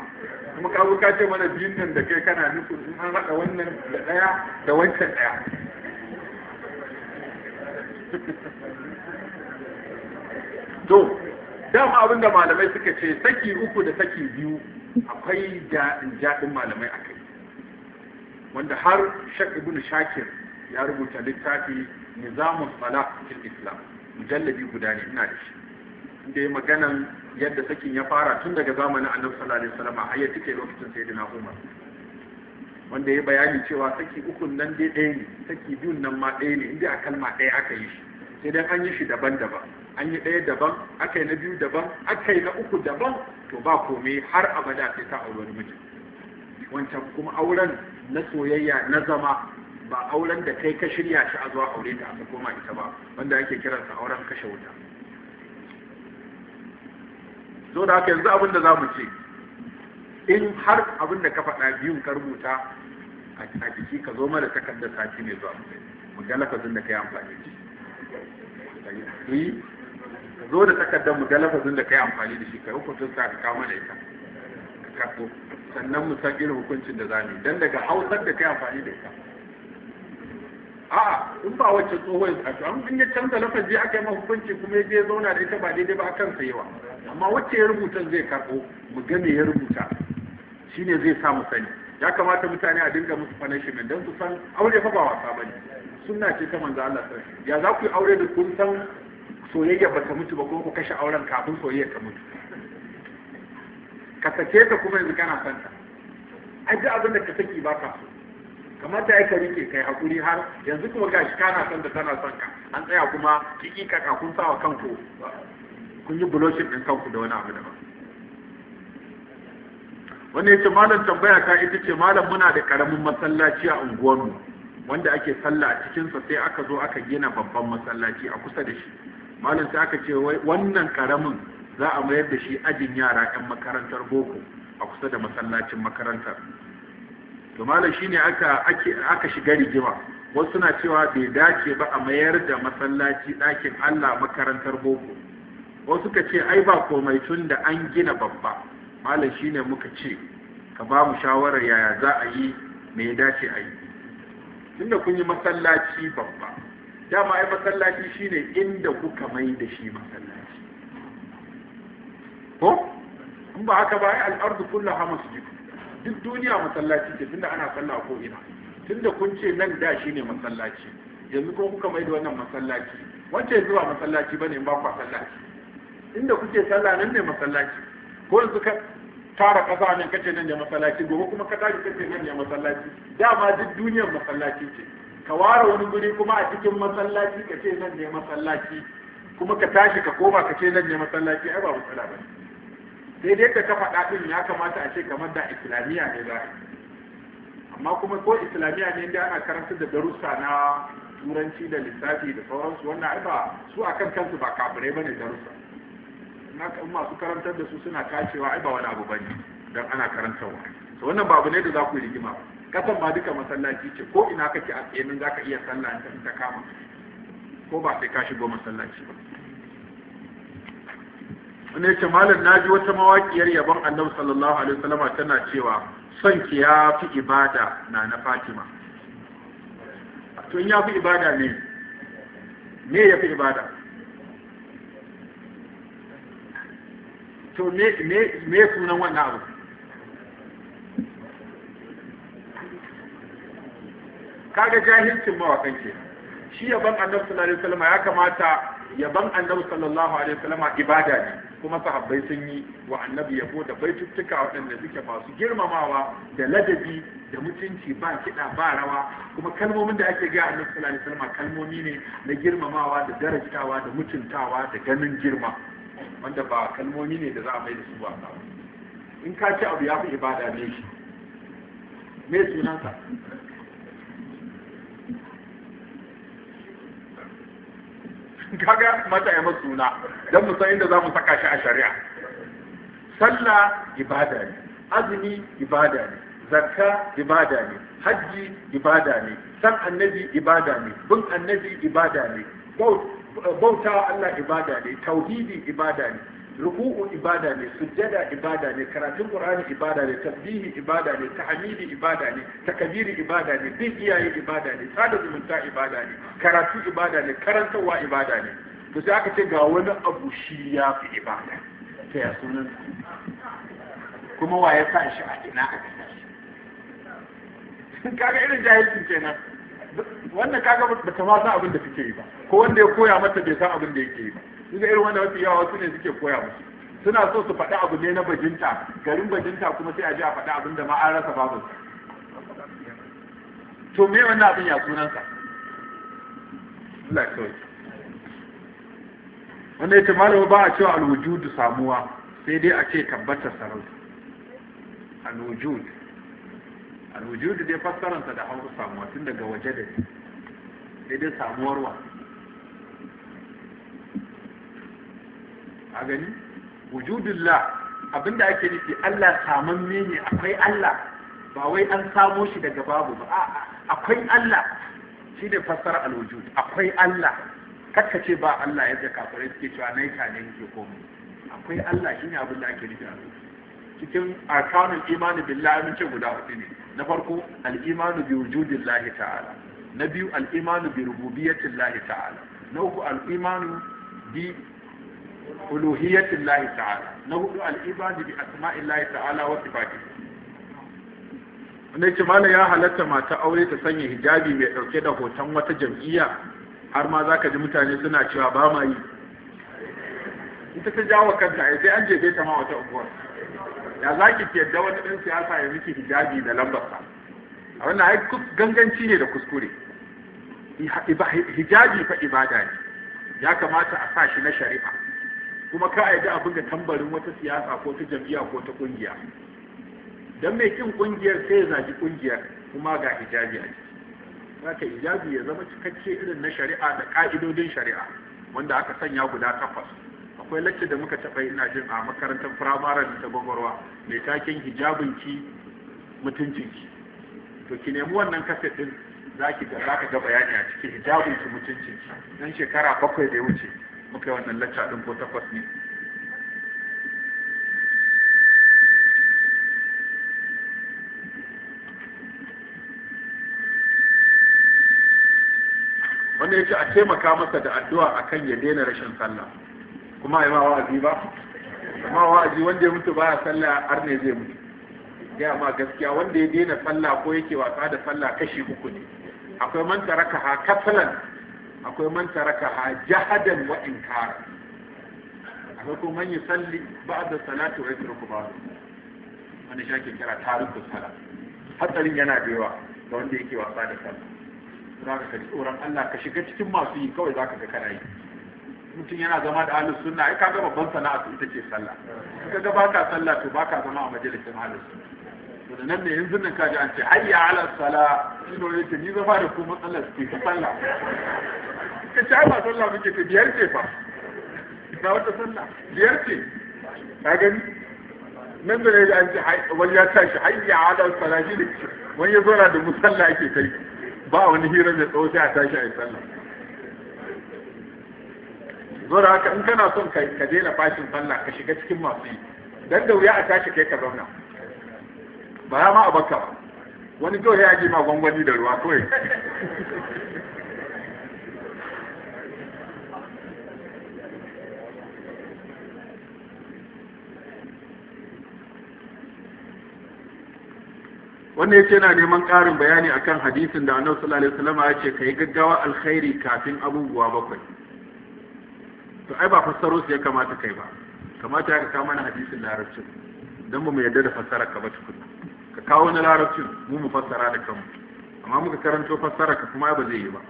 kuma ka ka ce mana biyun nan da kai kana nufin in an haɗa wannan da ɗaya da wancan ɗaya to dama da malamai suka ce saki uku da saki biyu akwai jaɗin malamai a kai wanda har shak ibn shakir ya rubuta littafi nizamun salah fil islam mujalladi guda ne ina da shi da maganan yadda sakin ya fara tun daga zamanin annabi sallallahu alaihi wasallam har ya take lokacin sayyidina Umar wanda ya bayani cewa saki uku nan dai ɗaya ne saki biyun nan ma ɗaya ne inda a kalma ɗaya aka yi shi sai dan an yi shi daban-daban an yi ɗaya daban aka yi na biyu daban aka yi na uku daban to ba komai har abada sai ta aure wani miji wancan kuma auren na soyayya na zama ba auren da kai ka shirya shi a zuwa aure ta a koma ita ba wanda ake kiransa auren kashe wuta zo da haka yanzu abin da za mu ce in har abin da ka faɗa biyun ka rubuta a jiki ka zo mana takardar sati ne zuwa mu ga lafazin da ka yi amfani da shi ka zo da takardar mu ga lafazin da ka yi amfani da shi ka rubutun sa ka kawo mana ita ka sannan mu san irin hukuncin da za mu yi dan daga hausar da ka yi amfani da ita a'a in ba wacce tsohon a to an ya canza lafazi aka yi mahukunci kuma ya je zauna da ita ba daidai ba akan sayewa amma wacce ya rubuta zai karɓo mu ga me ya rubuta shine zai sa mu sani ya kamata mutane a dinga musu punishment don su san aure fa ba wasa bane sunna ce ta manzo Allah sallallahu ya za ku yi aure da kun san soyayya ba ta mutu ba kuma ku kashe auren kafin soyayya ta mutu ka sake ta kuma yanzu kana santa ai duk abin da ka saki ba ka so kamata ya ka rike kai hakuri har yanzu kuma gashi kana son tana son an tsaya kuma kika ka kun kanku kun yi buloshin ɗin kanku da wani abu daban wanda yace malam tambaya ka ita ce malam muna da karamin masallaci a unguwarmu wanda ake sallah a sa sai aka zo aka gina babban masallaci a kusa da shi malam sai aka ce wannan karamin za a mayar da shi ajin yara 'yan makarantar boko a kusa da masallacin makarantar to malam shine aka aka shiga rigima wasu na cewa bai dace ba a mayar da masallaci ɗakin Allah makarantar boko wasu ka ce ai ba komai tun da an gina babba malam shine muka ce ka ba mu shawarar yaya za a yi me ya dace a yi tunda kun yi masallaci babba dama ai masallaci shine inda kuka mai da shi masallaci ko in ba haka ba ai al'ardu kullaha masjid duk duniya masallaci ce tunda ana sallah ko ina tunda kun ce nan da shine masallaci yanzu ko kuka mai da wannan masallaci wacce zuwa masallaci bane in ba ku masallaci inda kuke sallah nan ne masallaci ko yanzu ka tara ƙasa nan kace nan ne masallaci gobe kuma ka tara kace nan ne masallaci dama duk duniyar masallaci ce ka ware wani guri kuma a cikin masallaci ka ce nan ne masallaci kuma ka tashi ka koma ka ce nan ne masallaci ai ba musala ba sai dai ka kafa ɗaɗin ya kamata a ce kamar da islamiyya ne za amma kuma ko islamiyya ne inda ana karanta da darussa na turanci da lissafi da sauransu wannan ai ba su akan kansu ba kafirai bane darussa haka masu karantar da su suna kacewa ai ba wani abu bane dan ana karantarwa to wannan babu ne da za ku yi rigima kasan ma duka masallaci ce ko ina kake a tsayin za ka iya sallah in ta kama ko ba sai ka shigo masallaci ba wani yace malam naji wata mawakiyar yabon annabi sallallahu alaihi wasallama tana cewa son ki ya fi ibada na na fatima tun ya fi ibada ne me ya fi ibada to me sunan wannan abu kaga jahilcin mawakan ke shi yaban annabi sallallahu alaihi wasallam ya kamata yaban annabi sallallahu alaihi wasallam ibada ne kuma sahabbai sun yi wa annabi yabo da baituttuka waɗanda suke masu girmamawa da ladabi da mutunci ba kiɗa ba rawa kuma kalmomin da ake ga annabi sallallahu alaihi wasallam kalmomi ne na girmamawa da darajtawa da mutuntawa da ganin girma wanda ba kalmomi ne da za a mai da su wasa in ka ci abu ya fi ibada ne shi me sunanka kaga mata ya suna don mu san inda za mu saka shi a shari'a sallah ibada ne azumi ibada ne zakka ibada ne hajji ibada ne san annabi ibada ne bin annabi ibada ne bauta Allah ibada ne tauhidi ibada ne ruku'u ibada ne sujjada ibada ne karatun qur'ani ibada ne tasbihi ibada ne tahmidi ibada ne takbiri ibada ne bin iyaye ibada ne sada zumunta ibada ne karatu ibada ne karantawa ibada ne to sai aka ce ga wani abu shi ya fi ibada ta ya sunan kuma wa ya sa shi a ina a kaga irin jahilcin kenan wannan kaga ba ta ma san abin da suke yi ba ko wanda ya koya mata bai san abin da yake yi ba duka irin wanda wasu yawa wasu ne suke koya musu suna so su faɗi abu ne na bajinta garin bajinta kuma sai a ji a faɗi abin da ma an rasa babu to me wannan abin ya sunansa Allah ya wanda ya malama ba a cewa alwujudu samuwa sai dai a ce tabbatar sarauta alwujudu alwujudu dai fassaranta da hausa samuwa tun daga waje da sai dai samuwar wa a gani wujudullah abinda ake nufi Allah saman ne akwai Allah ba wai an samo shi daga babu ba akwai Allah shi ne fassara alwujud akwai Allah kakka ce ba Allah yadda kafirai suke cewa nai ka ne yake komai akwai Allah shine abin da ake nufi a cikin arkanul imani billahi mun ce guda hudu ne na farko al'imanu bi wujudin lahi ta'ala na biyu al'imanu bi rububiyatin lahi ta'ala na uku al'imanu bi uluhiyatin lahi ta'ala na hudu al'imanu bi asma'in lahi ta'ala wa sifati wanda ce mala ya halatta mata aure ta sanya hijabi mai dauke da hoton wata jam'iyya har ma za ka ji mutane suna cewa ba ma yi ita ta jawo kanta sai an jebe ta ma wata unguwar ya za ki yadda wani ɗan siyasa ya miki hijabi da lambarsa a wannan ai ganganci ne da kuskure hijabi fa ibada ne ya kamata a sa shi na shari'a kuma ka a yadda abin da tambarin wata siyasa ko ta jam'iyya ko ta kungiya dan mai kin kungiyar sai ya zagi kungiyar kuma ga hijabi a ciki haka hijabi ya zama cikakke irin na shari'a da ƙa'idodin shari'a wanda aka sanya guda takwas akwai lacce da muka taɓa ina jin a makarantar firamare ta gwagwarwa mai taken hijabinki mutuncinki to ki nemi wannan kaset din za ki ga za ka ga bayani a cikin hijabinki mutuncinki dan shekara bakwai da ya wuce muka yi wannan lacca din ko takwas ne wanda ya ce a taimaka masa da addu'a akan ya daina rashin sallah kuma ya ma wa'azi ba ma wa'azi wanda ya mutu baya sallah ne zai mutu ya ma gaskiya wanda ya daina sallah ko yake wasa da sallah kashi uku ne akwai man taraka ha kasalan akwai man taraka ha jahadan wa inkar akwai kuma man yusalli ba'da salatu wa yatruku ba wanda shi ake kira tarikus sala hatsarin yana da yawa da wanda yake wasa da sallah za ka kaji tsoron Allah ka shiga cikin masu yi kawai za ka ga kana yi mutum yana zama da ahlus sunna ai kaga babban sana'a ita ce sallah kaga baka sallah to baka zama a majalisin ahlus sunna to nan ne yanzu nan kaji an ce hayya ala sala shi ne yake ni zama da ku matsalar ce ki sallah ka ci ba sallah muke ta biyar ce fa ga wata sallah biyar ce ka gani nan da ne an ce wani ya tashi hayya ala sala shi ne wani ya zo na da musalla ake kai ba wani hira mai tsawo sai a tashi a yi sallah zuwa da haka in kana son ka ka daina fashin sallah ka shiga cikin masu yi dan da wuya a tashi kai ka zauna ba ya ma abaka ba wani jo ya ji ma gwangwani da ruwa kawai wanda ya ce na neman ƙarin bayani akan hadisin da annabi sallallahu alaihi wasallam ya ce kai gaggawa alkhairi kafin abubuwa bakwai to ai ba fassaro su ya kamata kai ba kamata ka kawo mana hadisin larabcin don mu yarda da fassara ka ba tukuna ka kawo na larabcin mu mu fassara da kanmu amma muka karanto fassara ka kuma ba zai yi ba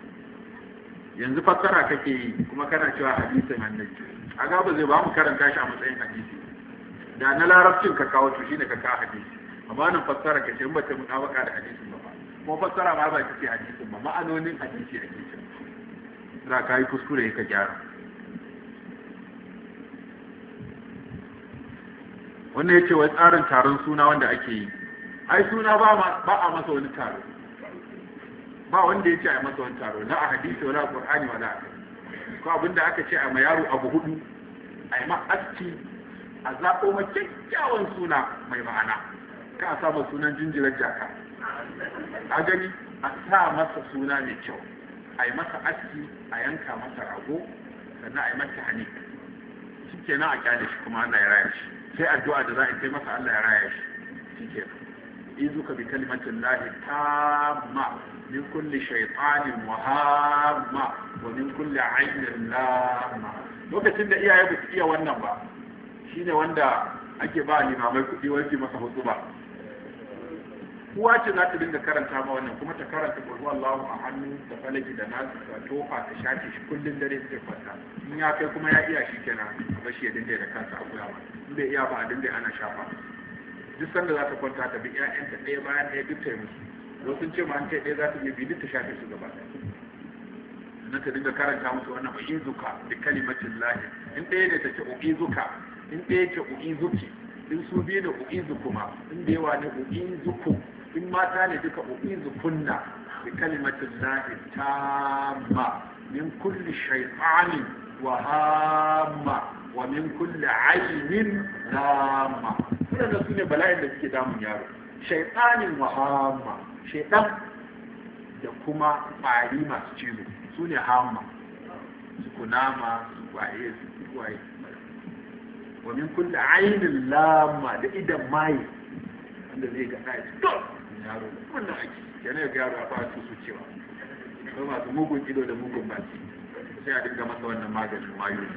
yanzu fassara kake yi kuma kana cewa hadisin annabi a ga ba zai ba mu karanta shi a matsayin hadisi da na larabcin ka kawo to shine ka kawo hadisi amma nan fassara ka ce in ba ta mutabaka da hadisin ba kuma fassara ma ba ta ce hadisin ba ma'anonin hadisi ake cewa za ka yi kuskure ka gyara wannan ya ce wai tsarin taron suna wanda ake yi ai suna ba a masa wani taro ba wanda ya ce a masa wani taro na a hadisi wala qur'ani wala ko abinda aka ce a ma yaro abu hudu a yi ma'aski a zaɓo ma kyakkyawan suna mai ma'ana ka a samu sunan jinjirar jaka a gani a sa masa suna mai kyau a masa aski a yanka masa rago sannan a yi masa hani shi kenan a kyale shi kuma ana ya raya shi sai addu'a da za a kai masa Allah ya raya shi shike ka bi kalimatin lahi tamma min kulli shaytanin wa hamma wa min kulli aynin lamma lokacin da iyaye ba su iya wannan ba shine wanda ake ba limamai kuɗi wai masa ba. Kuwa ce za ta dinga karanta ma wannan kuma ta karanta zuwa Allahu a hannu da falaki da nasu ta tofa ta shafe shi kullum dare sai kwanta in ya kai kuma ya iya shi kenan ba shi ya dinga da kansa a kula ba in bai iya ba a dinga ana shafa duk sanda za ta kwanta ta bi ta ɗaya bayan ɗaya duk ta yi musu wasu ce ma an ce ɗaya za ta iya bi duk ta shafe su gaba na ta dinga karanta musu wannan ba izuka da kalimatin lahi in ɗaya ne ta ce uizuka in ɗaya ce uizuki in su biyu da uizu kuma in da yawa ne uizuku in mata ne duka zu kunna bi kalimatin lahi tamma min kulli shaytani wa hamma wa min kulli aynin lamma wannan su ne bala'in da suke damun yaro shaytani wa hamma shaytan da kuma ƙwari masu cizo su ne hamma su kunama su kwaye su kwaye wa min kulli aynin lamma da idan mai wanda zai ga ɗaya yaro wannan ake yana ga yaro a fara cewa ko masu mugun ido da mugun baki sai a dinga masa wannan maganin wayoyi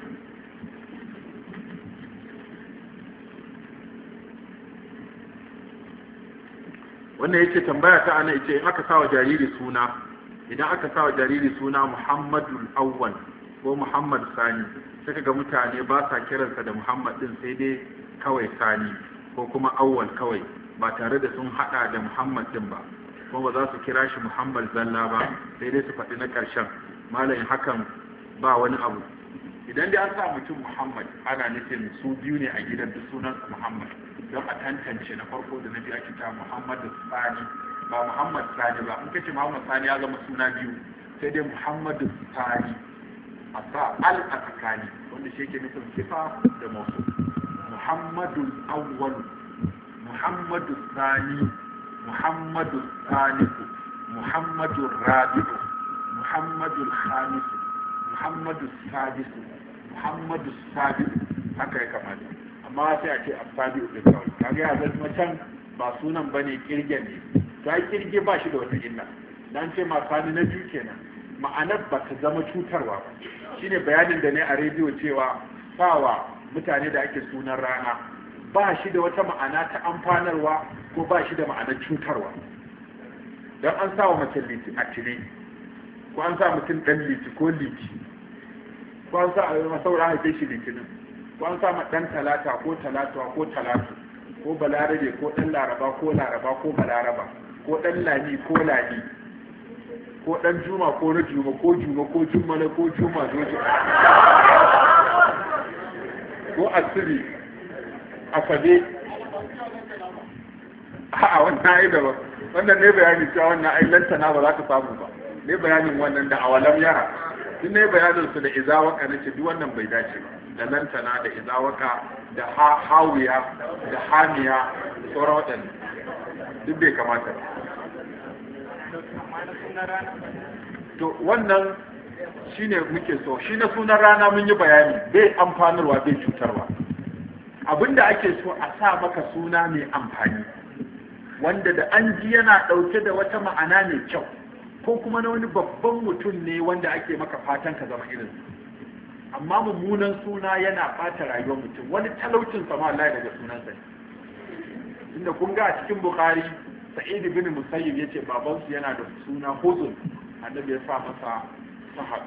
wannan yace tambaya ta ana yace in aka sawa jariri suna idan aka sawa jariri suna Muhammadul Awwal ko Muhammad Sani sai kaga mutane ba sa kiransa da Muhammad din sai dai kawai Sani ko kuma Awwal kawai ba tare da sun hada da muhammad din ba kuma ba za su kira shi muhammad zalla ba sai dai su faɗi na karshen malayin hakan ba wani abu idan dai an sa mutum muhammad ana nufin su biyu ne a gidan duk sunan muhammad don a tantance na farko da na biyu ake ta muhammad da sani ba muhammad sani ba in kace muhammad sani ya zama suna biyu sai dai muhammad da sani a sa al a wanda shi yake nufin kifa da mausu muhammadun awwalu muhammadu sani muhammadu salisu muhammadu rabi'u muhammadu hamisu muhammadu sadisu muhammadu sabi'u haka ya kamata amma sai a ce asabi'u da kawai kaga ya zama can ba sunan bane kirge ne ta kirge ba shi da wata illa dan ce ma sani na biyu kenan ma'anar ba ta zama cutarwa ba shine bayanin da ne a rediyo cewa sawa mutane da ake sunan rana ba shi da wata ma'ana ta amfanarwa ko ba shi da ma'anar cutarwa don an sa wa mace liti a cire ko an sa mutum ɗan liti ko liti ko an sa a yi masaura haife shi litinin ko an sa ma ɗan talata ko talatuwa ko talatu ko balarabe ko ɗan laraba ko laraba ko balaraba ko ɗan lami ko lami ko ɗan juma ko na juma ko juma ko juma na ko juma zoji ko asiri asabe a wannan aida ba. wannan ne bayani cewa wannan ailanta lantana ba za ka samu ba ne bayanin wannan da awalam yara tun ne bayanin su da izawaka ce duk wannan bai dace ba da lantana da izawaka da hawiya da hamiya da sauran waɗannan duk bai kamata ba to wannan shine muke so shi na sunan rana mun yi bayani bai amfanarwa bai cutarwa abinda ake so a sa maka suna mai amfani wanda da an ji yana ɗauke da wata ma'ana mai kyau ko kuma na wani babban mutum ne wanda ake maka fatan ka zama irin amma mummunan suna yana fata rayuwar mutum wani talaucin sama Allah daga sunan sai inda kun ga a cikin Bukhari Sa'id bin Musayyib yace babansu yana da suna Huzun annabi ya sa masa sahab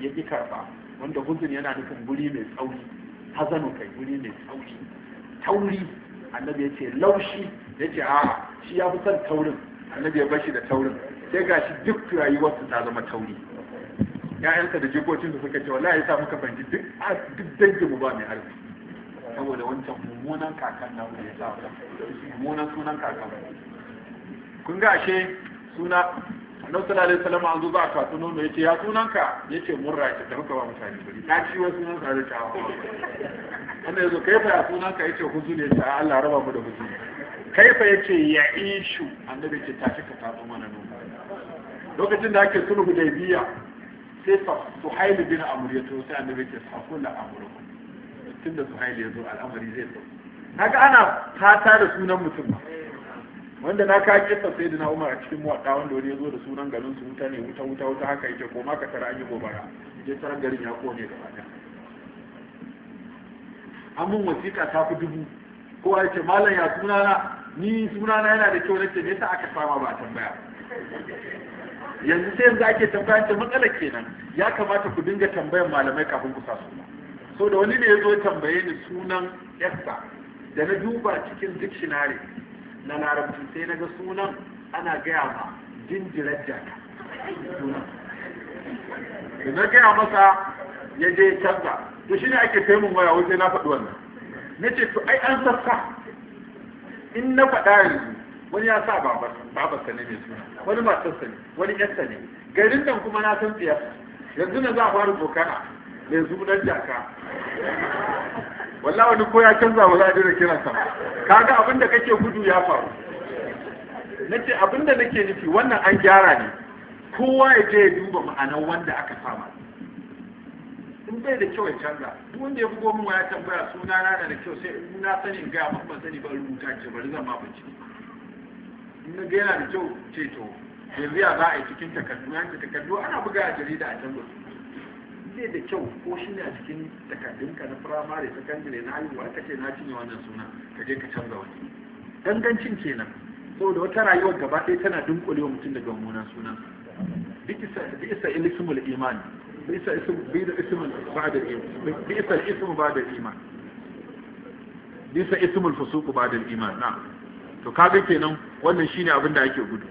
ya ki karba wanda Huzun yana nufin guri mai tsauri hazanu kai guri mai tauri tauri annabi ya ce laushi ya ce a'a shi ya fi son taurin annabi ya bashi da taurin sai ga shi duk rayuwarsa ta zama tauri ya'yansa da jikokin da suka ce wala ya sa muka banji duk duk dangin mu ba mai arziki saboda wancan mummunan kakan nan ya sa mummunan sunan kakan kun ga ashe suna annabi sallallahu alaihi wasallam an zo za a kwato nono yace ya sunanka yace murra ce da hukawa mutane bari ta ci wasu nan sare ta wannan yazo kai fa ya sunanka yace huzun ta ah, Allah raba mu da huzun kai fa yace ya ishu annabi ce ta cika ta mana nono lokacin da ake sulhu da biya sai fa suhaili bin amr ya to sai annabi ce kula amru tunda suhaili ya zo al'amari zai zo kaga ana fata da sunan mutum ba wanda na ka kisa sai da umar a cikin muwaɗa wanda wani ya zo da sunan garin su wuta ne wuta wuta wuta haka yake ko ma ka tara an yi gobara je tara garin ya kone da ɗaya amin wasiƙa ta fi dubu ko ya ce malam ya sunana ni sunana yana da kyau nake me yasa aka fama ba tambaya yanzu sai yanzu ake tambaya ce matsalar kenan ya kamata ku dinga tambayan malamai kafin ku sa suna so da wani ne ya zo tambaye ni sunan yassa da na duba cikin dictionary na larabci sai na ga sunan ana gaya ma jinjirar jaka sunan da na gaya masa ya je canza to shi ne ake taimun waya wuce na faɗi wannan na ce to ai an sassa in na faɗa yanzu wani ya sa babarsa ne mai suna wani matarsa ne wani ƴan ne garin nan kuma na san tsiyarsa yanzu na za a fara tsokana mai zunan jaka wallahi wani ko ya canza ba za a kiran sa kaga abin da kake gudu ya faru nace abin da nake nufi wannan an gyara ne kowa ya je ya duba ma'anar wanda aka sama in bai da kyau ya canza duk wanda ya bugo min waya tambaya suna na da kyau sai in na sani in gaya ban sani ba rubuta ce bari zan ma bace in na ga yana da kyau ce to yanzu ya za a yi cikin takardu ce takardu ana buga a jarida a canza su zai da kyau ko shi ne a cikin takardunka na firamare sakandare na haihuwa ka ce na cinye wannan suna ka je ka canza wani dangancin kenan saboda wata rayuwar gaba ɗaya tana dunkulewa mutum daga mummunan suna. bisa isa iman bisa ismul iman bisa isa ba'da iman bisa ismul ba'da iman to kaga kenan wannan shine abin da ake gudu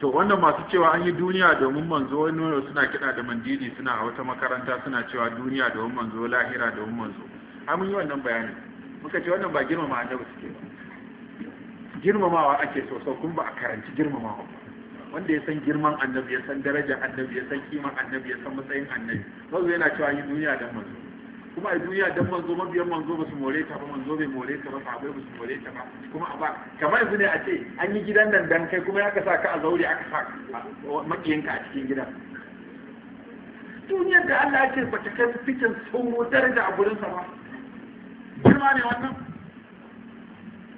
to wannan masu cewa an yi duniya domin manzo wani suna kiɗa da mandili suna a wata makaranta suna cewa duniya domin manzo lahira domin manzo mun yi wannan bayani muka ce wannan ba girmama annabi suke ba girmamawa ake so so kun ba a karanci girmamawa wanda ya san girman annabi ya san darajar annabi ya san kiman annabi ya san matsayin annabi wanda yana cewa yi duniya don manzo kuma a duniya dan manzo mabiyan manzo ba su more ta ba manzo bai more ta ba sahabbai ba su more ta ba kuma a ba kamar yanzu ne a ce an yi gidan nan dan kai kuma aka sa ka a zauri aka sa ka a cikin gidan duniyar da Allah ce ba ta kai fikin sauro daraja a gurinsa ba girma ne wannan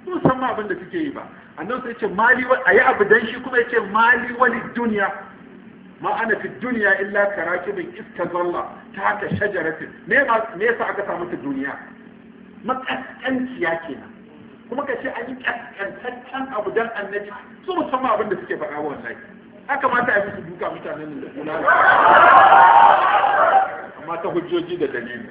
sun san ma abin da suke yi ba annan sai ce mali a yi abu dan shi kuma ya ce mali wani duniya ma ana fi duniya illa karakibin zalla ta haka shajaratin me me yasa aka samu ta duniya makaskanciya kenan kuma kace ce an yi kaskantaccen abu dan annabi su musamman abin da suke faɗa wallahi haka mata a musu duka mutanen da kula amma ta hujjoji da dalili